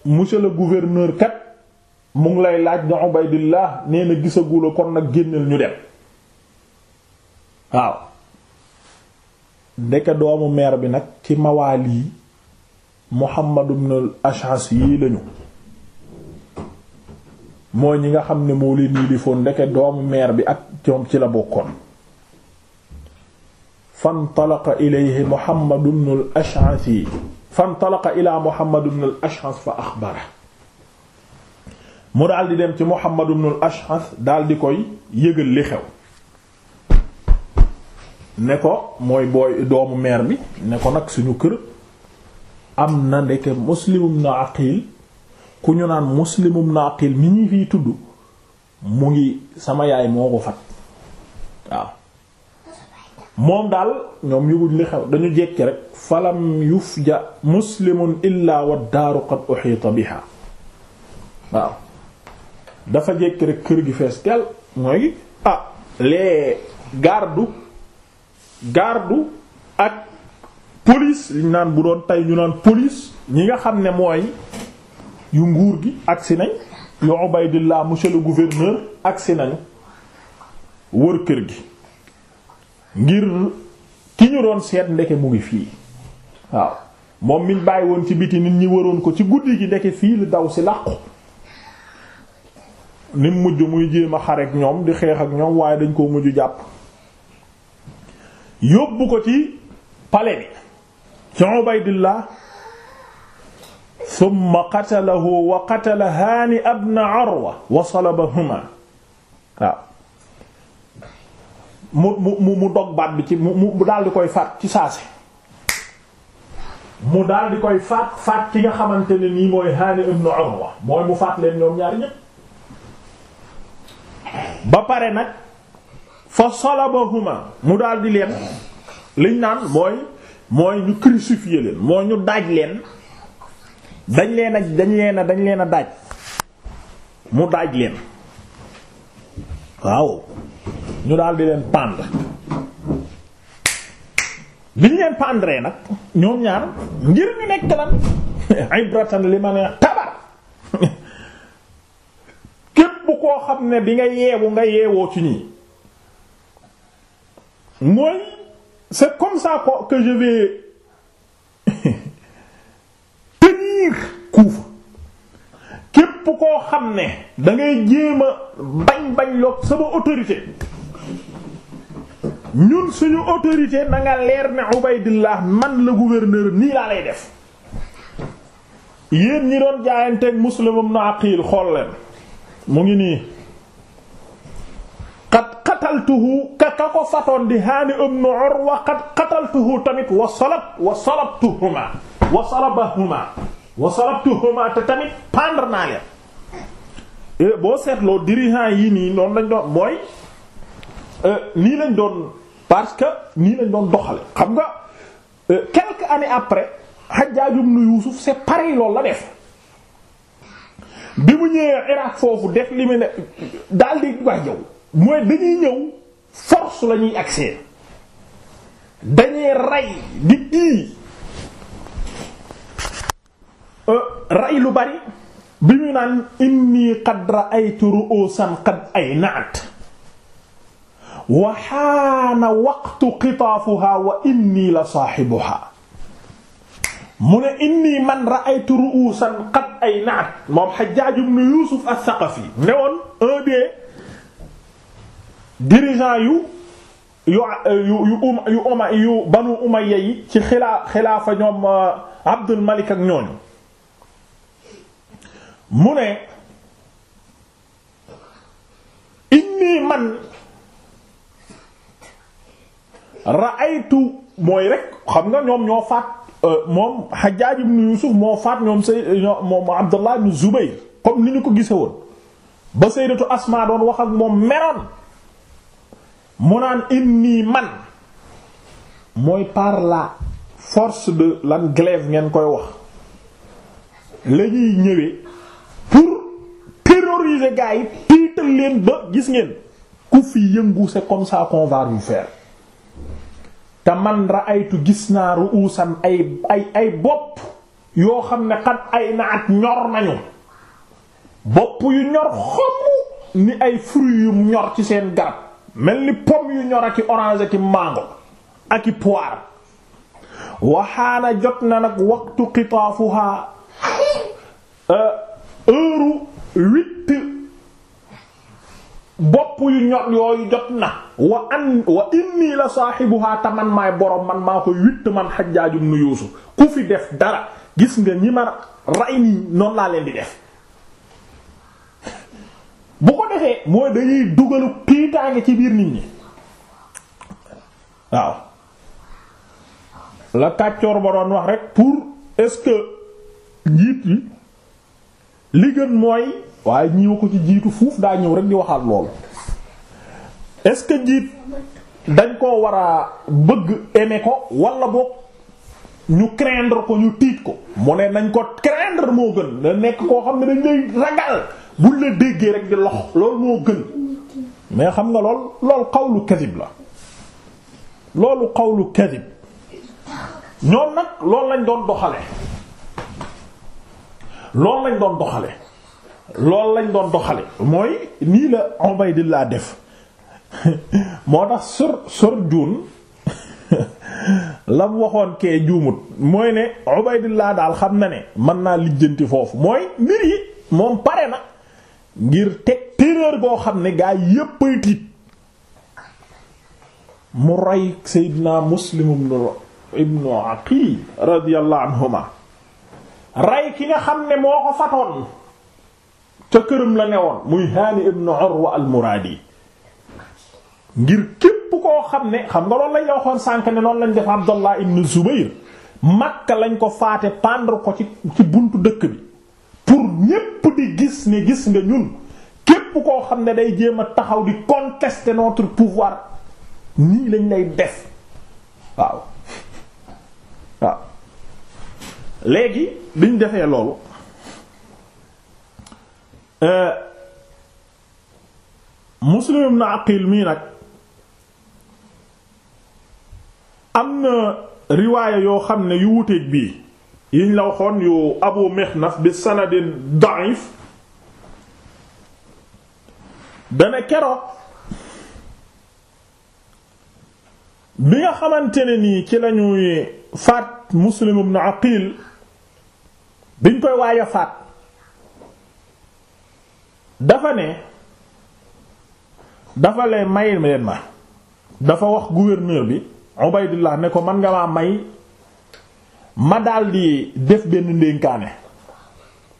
[SPEAKER 1] monsieur le gouverneur kat mu ngi lay laaj nga Ubaydillah nee na gisagula kon nag génneel ñu dem waaw ndeke doomu meer bi nag ci mawaali yi ibn al-Ash'as yii lañu mooy ñi nga xam ne moo leen yilifoon ndeke doomu meer bi ak ñoom ci la bokkoon fantalaqa ilayhi Muhammad ibn al-Ash'as fantalaqa ila Muhammad ibn al fa axbara mu daal di dem ci Muhammad ibn al-Ash'ath daal di koy yëgal li xew ne ko mooy booy doomu meer bi ne ko nag suñu kër am na ndeke Muslim ibn Aqil ku ñu naan Muslim ibn Aqil mi ñuy fiy tudd mu ngi sama yaay moo ko fat waaw moom daal ñoom yëguñ li xew dañu jekki rek falam yufja muslimun illa wa daaru qad uxiita biha waaw dafa jekk rek kër gi fees tel mooy ah les gàrdu gardes ak police naan bu doon tay ñu naan polis ñi nga xam ne mooy yu nguur gi agsi nañ yu Ubaydillah monsieur le gouverneur agsi nañu wër kër gi ngir ki ñu doon seet ndeke mu ngi fii waaw moom miñ bàyyi woon ci biti nit ñi waroon ko ci guddi gi ndeke fii lu daw si làqu ni mujj muy jéem a xare ak ñoom di xeex ak ñoom waaye dañ koo mujj jàpp yóbbu ko ci palais bi ci Ubaydillah summa qatalahu wa qatala Haani ibn Arwa wa salabahuma waaw mu mu mu dog baat ci mu mu daal di koy faat ci saase mu daal di koy faat faat ki nga xamante ne nii mooy Haani ibn Arwa mooy mu faat leen ñoom ñaari ñépp ba pare nag fa salabahuma mu daal di leen liñ naan mooy mooy ñu crucifier leen mooy ñu daaj leen dañ leen a dañ leen a dañ leen daaj mu daaj leen waaw ñu daal di leen pendre biñ leen pendree nag ñoom ñaar ngir ñu nekk lan *laughs* ibratan li ma ne tabar *laughs* képp koo xam ne bi nga yeewu nga yeewoo ci ñii mooy c'est comme ça que *laughs* koo xam ne da ngay jéem a bañ bañ loog sama autorité ñun suñu autorité na nga leer ne Ubaydillah man la gouverneur nii laa lay def yéen ñi doon jaayanteeg Muslim ibn Aqil xool leen mu ngi nii qad qataltuhu ka ka ko fatoon di haani ibnu urwa qad qataltuhu tamit wa salab wa salabtuhuma wa salabahuma te tamit pendre naa leen eh, boo seetloo dirigeant yi nii noonu lañ doon mooy eh, nii lañ doon parce que nii lañ doon doxal xam nga eh, quelques années après Hajjaj ibn Yusuf c'est pareil loolu la def bi mu ñëwee Irak foofu def li mu ne daal di wax yow mooy dañuy ñëw force la ñuy accès dañuy rey di ii euh, rey lu bari bi ñu naan inni qad ra'aytu ru'usan qad aynat wa haana waqtu qitaafuha wa inni la saahibuha mu ne inni man ra'aytu ru'usan qad ay naat moom Hajjaj ibn Yusuf as-Saqafi ne woon un des dirigeants yu yu yu yu uma yu banu Umayya yi ci xilaa xilaafa ñoom uh, Abdul Malik ak ñooñu mu ne inni man ra'aytu mooy rek xam nga ñoom ñoo faat Euh, moom Hajjaaj ibn Yuusuf moo faat ñoom say euh, moom Abdullah ibn Zubayr comme ni ñu ko gise woon ba sayyidatu Asmaa doon wax ak moom meroon mu naan inni man mooy par la force de lan glaive ngeen koy wax lañuy ñëwee pour terroriser gars yi tiital leen ba gis ngeen ku fi yëngu c'est comme ça qu'on va nous te man ra'aytu gis naa ru'usan ay ay ay bopp yoo xam ne xat ay naat ñor nañu bopp yu ñor xomm ni ay fruits yu ñor ci seen garab mel ni pomme yu ñor ak i orange ak i ak i poire waxaana jot na nag waxtu xitaafuha euh, heure huit bopp yu ñor yooyu jot na wa an wa inni la saaxibuha ta man maay borom man maa koy witt man xajjaajum nu yuusu ku fi def dara gis nga ñi ma rey nii noonu laa leen di def bu ko defee mooy dañuy dugalu tiitaange ci biir nit ñi waaw la kàccoor ba doon wax rek pour est-ce que njiit yi li gën mooy waaye ñiiw ko ci jiitu fuuf daa ñëw rek di waxaat loolu est-ce que jiit dañ ko war a bëgg aimer ko wala boog ñu craindre ko ñu tiit ko mu ne nañ ko craindre moo gën da nekk koo xam ne dañ lay ragal bu la déggee rek di lox loolu moo gën mais xam nga lool loolu xawlu kadib la loolu xawlu kadib ñoom nag loolu lañ doon doxale loolu lañ doon doxale loolu lañ doon doxale mooy nii la Ubaydillah def *laughs* moo tax sur sur juun la *laughs* mu waxoon kee juumut mooy ne Ubaydillah daal xam na ne mën naa lijjanti foofu mooy mbir yi moom pare na ngir teg terreur boo xam ne gaa yépp ay tiit mu rey Seydina Muslim ibnu ibnu Aqil radiyallahu anhuma ki nga xam ne moo ko fatoon ca këram la ne woon muy Haani ibn Urwa al-Muradi ngir képp koo xam ne xam nga loolu lañ waxoon sànk ne noonu lañ def Abdallah ibn Zubayr Makka lañ ko faate pendre ko ci ci buntu dëkk bi pour ñépp di gis ne gis nga ñun képp koo xam ne day jéem a taxaw di contester notre pouvoir nii lañ lay def waaw waaw léegi biñ defee loolu Euh, Muslim ibn Aqil mii nag am na riwaaya yoo xam ne yu wuteeg bii yiñ la waxoon yu Abu Mikhnaf bi sanadin da'if dana keroog bi nga xamante ne nii ci lañuy faat Muslim ibn Aqil biñ koy waaye faat dafa ne dafa leen may leen ma dafa wax gouverneur bi Ubaydullah ne ko man nga maa may ma daldi def benn ndénkaane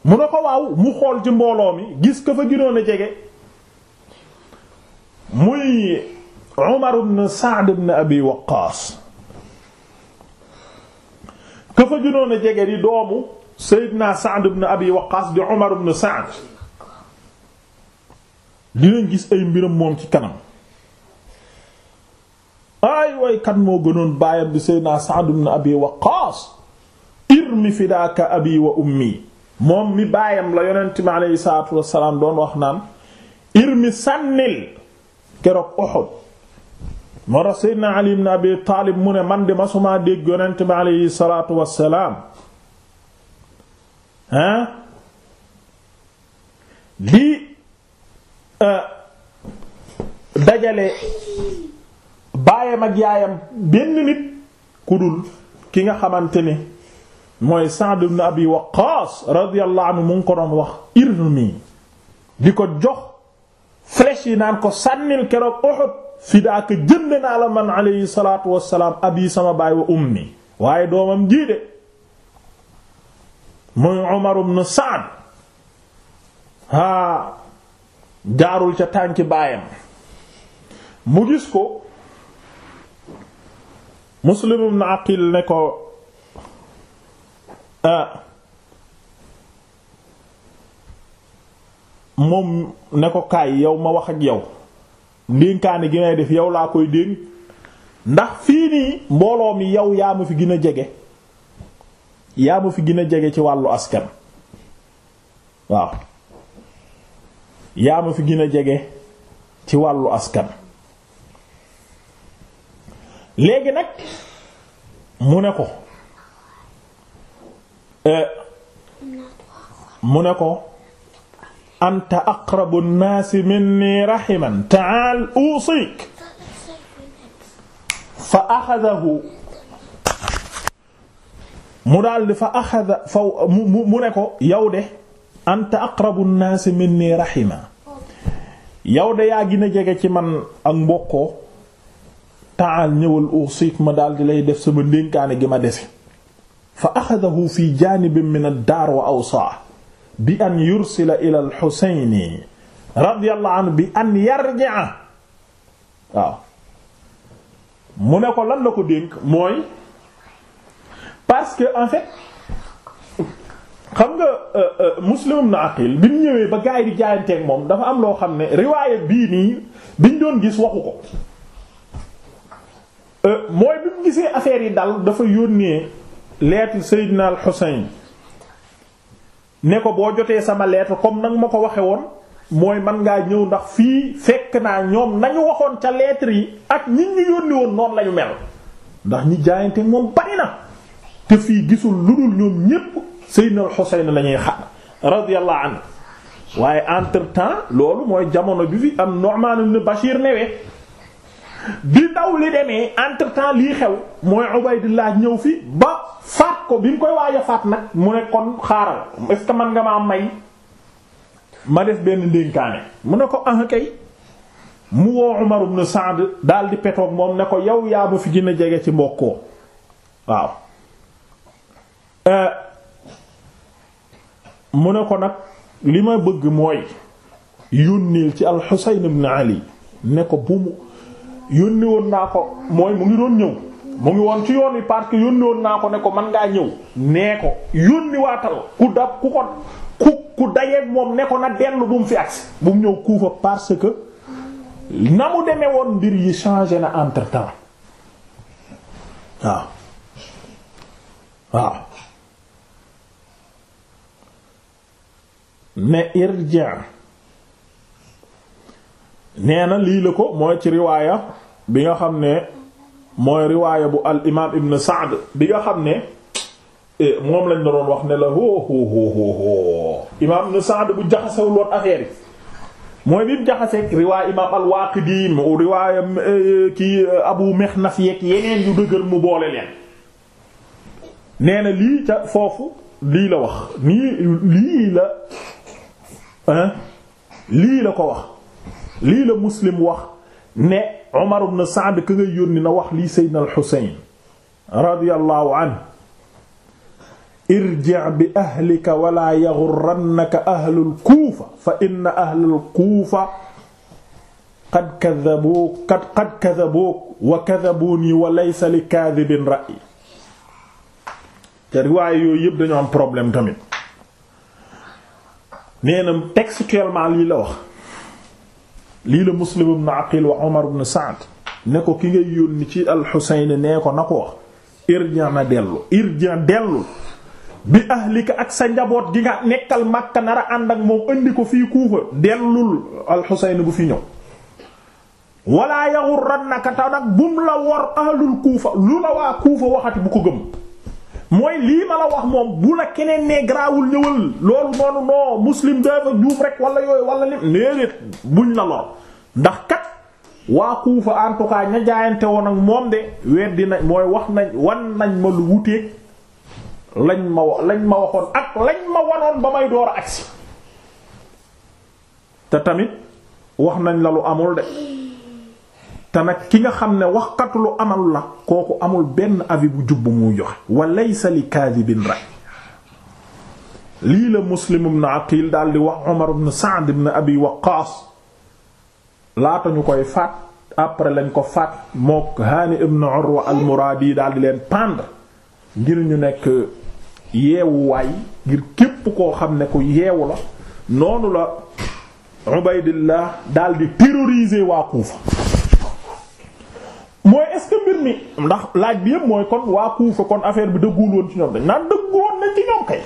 [SPEAKER 1] mu ne ko waaw mu xool ci mbooloo mi gis ko fa ginoon a jege muy Umar ibn Sa'd ibn Abi Waqqas ka fa ginoon a jege di doomu Sayyidina Sa'd ibn Abi Waqqas di Umar ibn Sa'd dinañ gis ay mbiram moom ci kanam ay way kat moo gënoon baayam di Seydina Sa'd ibn Abi Waqqaas irmi fidaaka abi wa ummi moom mi baayam la yonent mi aleyhi salaatu wassalaam doon wax naan irmi sànnil keroog Uhud moo Seydina Ali ibn Abi Taalib mu ne man di masuma dégg yonent mi aleyhi salaatu wassalaam hein lii Euh, dajale baayam ak yaayam benn nit ku dul ki nga xamante ni mooy Sa'd ibn Abi Waqqas radiyallahu anhu mu ngi wax irmi di ko jox flèche yi naan ko sànnil keroog Uhud fi daaka jënd naa la man alayhi salaatu wassalaam abi sama baay wa ummi waaye doomam jii de muy Umar ibn Sa'd haa jaarul ca tànki baayam mu gis ko Muslim ibn Aqil ne ko ah, moom ne ko kaay yow ma wax ak yow ndénkaane gi ngay def yow laa koy dénk ndax fii nii mbooloo mi yow yaa ma fi gën a jege yaa ma fi gën jege ci wàllu askan waaw yaa ma fi gën jege ci wàllu askan léegi nag mu ne ko e, mu ne ko anta aqrabu nnaasi minni rahiman ta'al usik fa axadahu mu daldi fa axada fa mu ne ko yow de anta aqrabu nnaasi minni rahima yow de yaa gën a jege ci man ak mbokkoo taal ñëwal uusik ma daal di lay def sama ndénkaane gi ma dese fa axadahu fi jaanibin min ad-daar wa awsaa bi an yursila ila al-Husayni radiyallahu anhu bi an yarji'a mu ne ko lan la ko dénk mooy parce en fait xam nga euh, euh, Muslim ibn Aqil bi ñu ñëwee ba gaay di jaayanteeg moom dafa am loo xam ne riwaaye bii nii biñ doon gis waxu ko euh, mooy bi mu gisee affaire yi dal dafa yónnee lettre Seydina al-Husayn ne ko boo jotee sama lettre comme nag ma ko waxe woon mooy man ngaa ñëw ndax fii fekk naa ñoom nañu waxoon ca lettre yi ak ñi ñu yónni woon noonu lañu mel ndax ñu jaayanteeg moom bari na te fii gisul lu dul ñoom ñépp Seydina al-Husayn la ñuy xaar radiyallahu anhu waaye entre loolu mooy jamono bi fi am Nu'man ibn Bashir newee bi daw li demee entre temps lii xew mooy ñëw fi ba faat ko bi mu koy waaja faat nag mu ne kon xaaral est man nga maa may ma def benn ndénkaane mu ne ko ah kay mu woo Umar ibn Sa'd daal di petoog moom ne ko yow yaa ma fi gën a jege ci mbokkoo waaw euh, mu ne ko nag li ma bëgg mooy yónneel ci al-Husayn ibn Ali ne ko bu mu yónni woon naa ko mooy mu ngi doon ñëw mu ngi woon ci yoon wi parce que yónni woon naa ko ne ko man ngaa ñëw nee ko yónni waatal ku dab ku ko ku ku dajeeg moom ne ko na dellu bu mu fi agsi bu mu ñëw kuufa parce que na mu demee woon mbir yi changé na entre temps waaw waaw ne irji nee na lii la ko mooy ci riwaaya bi nga xam ne mooy riwaaya bu al imaam ibn Saad bi nga xam ne e, moom lañ la doon wax ne la hoo hoo hoo hoo imaam ibn Saad bu jaxasewul woon affaire yi mooy bi mu jaxaseeg riwaaya imaam al-Waaqidi riwaaya e, ki Abu Mixnaf yeeg yeneen yu dëgër mu boole leen nee na lii ca foofu lii la wax nii lii la lii la ko wax lii la muslim wax ne Umar ibn Sa'd ka ngay yónni na wax lii Seydina al-Husayn radiyallahu anhu irji' bi ahlika wala yaghurrannaka ahlul Kuufa fa inna ahlul Kuufa qad kadhabuuk qad kadhabuuk wa kadhabuunii wa laysa li kaadhibin ra'y te riwaay yooyu yëpp dañu am problème tamit nee na textuellement lii la wax lii la Muslim ibn Aqil wa Umar ibn Sa'd ne ko ki ngay yónni ci al-Husayn nee ko na ko wax irja na dellu irja dellu bi ahlika ak sa njaboot gi nga nekkal Makka nar a ànd ak moom indi ko fii Kuufa dellul al bu fi ñëw wala yaghurrannaka ta nag bum la wor ahlul Kuufa lu la waa Kuufa waxati bu ko gëm mooy lii ma la wax moom bu la keneen nee garaawul ñëwal loolu noonu non muslim dafa juum rek wala yooyu wala lim néeréet buñ la lor ndax kat waa Kuufa en tout cas ña jaayante woon ak moom de weddi nañ mooy wax nañ wan nañ ma lu wuteeg lañ ma wax lañ ma waxoon ak lañ ma wanoon ba may door a agsi te tamit wax nañ la lu amul de te nag ki nga xam ne waxkatu lu amal la kooku amul benn avis bu jub mu muy wa laysa li kaadibin ray lii la muslim ibn aqil daal di wax umar ibn sa'd ibn abi waqaas laata ñu koy faat après lañ ko faat mook haani ibn urwa al muraadi daal di leen pendre ngir ñu nekk yeewuwaay ngir képp koo xam ne ku yeewu la noonu la ubaydillah daal di terroriser waa kuufa mooy est-ce mbir mi ndax laaj bi yëpp mooy kon waa Kuufa kon affaire bi dëgguwul woon ci ñoom dañ naan dëggu woon nañ ci ñoom kay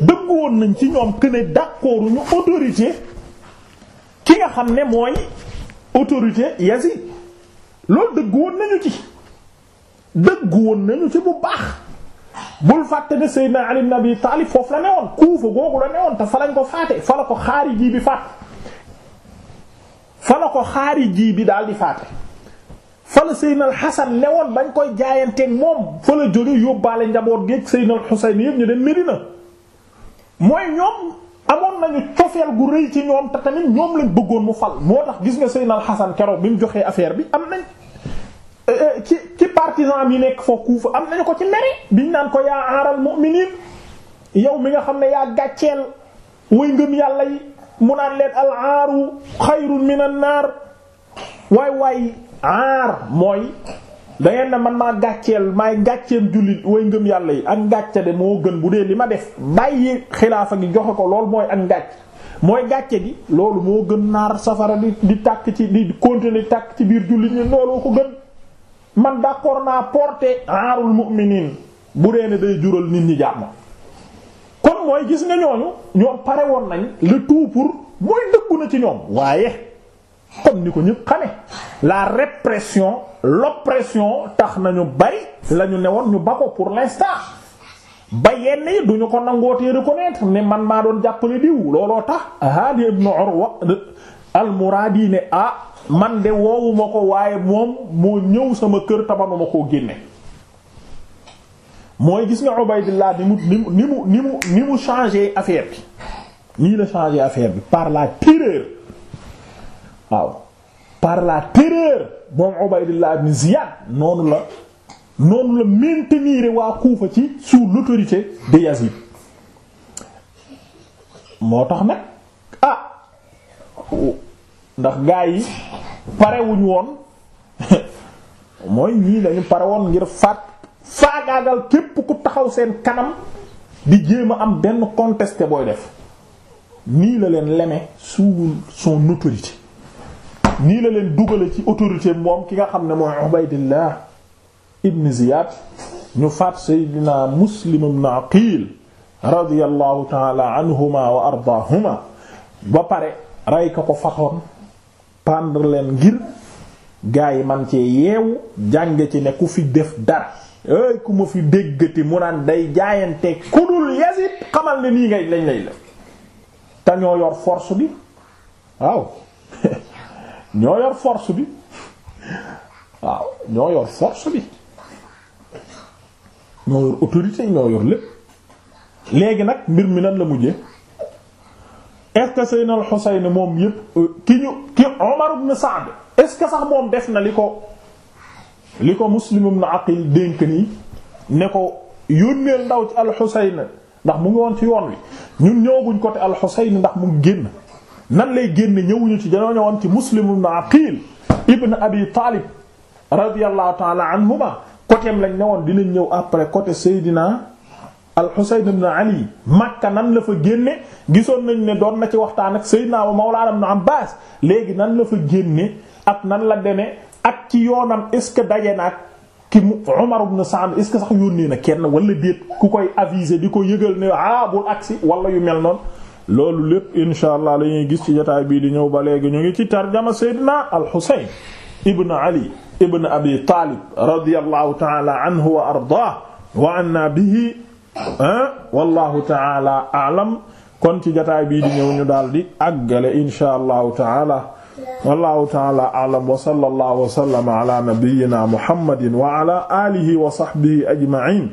[SPEAKER 1] dëggu woon nañ ci ñoom que ne d'accord ñu autorité ki nga xam ne mooy autorité yasi loolu dëggu woon nañu ci dëggu woon nañu ci bu baax bul fàtte ne Seydina Ali ibn Abi foofu la newoon Kuufa googu la newoon te fa lañ ko faate fa la ko xaariji bi faat fa la ko xaariji bi daal di faate fa la Seydina Xasan newoon bañ koy jaayanteeg moom fa la jóge yóbbaale njaboot géeg Seydina Xuseyn yëpp ñu dem Medina mooy ñoom amoon nañu cofeel gu rëy ci ñoom te tamit ñoom lañ bëggoon mu fal moo tax gis nga Seydina Xasan keroog bi mu joxee affaire bi am nañ euh, euh, ci ci partisan yi nekk foo Kuufa am nañu ko ci mere biñ naan ko yaa aaral mu'miniin yow mi nga xam ne yaa gàcceel way ngëm yàlla mu naan leen al aaru min minan naar waay waay aar mooy da ngeen man maa gàcceel maay gàcceel jullit way ngëm yàlla yi ak ngàcce de moo gën bu dee li ma def bàyyi xilaafa gi joxe ko loolu mooy ak ngàcc mooy gàcce gi loolu moo gën naar safara di di tàkk ci di continuer tàkk ci biir jullit ñi looloo ko gën man d'accord naa porter aarul mu'minin bu dee ne day jural nit ñi jàmm kon mooy gis nga ñooñu ñoom pare woon nañ le tout pour mooy dëggu na ci ñoom waaye. comme ni ko ñëpp xame la répression l'oppression tax nañu bari la ñu newoon ñu ba ko pour l'instant ba yenn yi duñu ko nangootee reconnaître ne man maa doon jàppale diw looloo tax Hadi ibn Urwa ne ah man de woowuma ko waaye moom moo ñëw sama kër tabanu ma koo génne mooy gis nga Ubaydillah ni mu ni mu ni mu ni mu changé affaire bi nii la changé affaire bi par la terreur waaw par la terreur moom Ubaydillah ibn Ziyad noonu la noonu la maintenir waa Kuufa ci sous l'autorité de Yazid moo tax nag ah ndax gaa yi parewuñ woon *laughs* mooy ñii lañu pare woon ngir faat faagaagal képp ku taxaw seen kanam bi jéem a am benn contesté booy def nii la leen leme sous son autorité nii la leen dugale ci autorité moom ki nga xam ne mooy Ubaydillah ibn Ziyad ñu faat Seydina Muslim ibn Aqil radiyallahu taala anhuma ardaahuma ba pare rey ka ko faxoon pendre leen ngir gaa yi man cee yeewu jànge ci ne ku fi def dara éy ku ma fi déggati mu naan day jaayante ku dul Yazid xamal ne nii ngay lañ lay la te yor force bi waaw *laughs* ñoo yor force bi waaw ñoo yor force bi ñoo yor autorité ñoo yor lépp léegi nag mbir mi nan la mujjee est-ce que Seydina al-Husayn moom yëpp euh, ki ñu ki Omar ibn Saad est-ce sax moom def na li ko li ko Muslim ibn Aqil dénk nii ne ko yónneel ndaw ci al-Husayn ndax mu ngi woon ci yoon wi ñun ñëwaguñ côté al-Husayn ndax mu génn. nan lay génne ñëwuñu ci dañoo ñëwoon ci muslim ibn aqil ibn abi taalib radiyallahu taala anhuma côtéem lañ newoon dinañ ñëw après côté Seydina al-Husayn ibn Ali Makka nan la fa génne gisoon nañ ne doon na ci waxtaan ak Seydina Mawlana ibn Abbas léegi nan la fa génne ak nan la deme ak ci yoonam est-ce que daje naa ak ki mu Umar ibn Sa'd est-ce que sax yónnee na kenn wala déet ku koy aviser di ko yëgal ne ah bul agsi wala yu mel noonu loolu lépp insha allah la ñuy gis ci jotaay bii di ñëw ba léegi ñu ngi ci tarjama Seydina al-Husayn ibn Ali ibn Abi Talib radiyallahu ta'ala anhu wa ardaah wa anna bihi wallahu ta'ala a'lam kon ci jotaay bii di ñëw ñu daal di àggale insha allahu ta'ala wallahu ta'ala a'lam wa sallallahu wa sallama ala nabiyyina Muhammadin wa ala alihi wa sahbihi ajma'in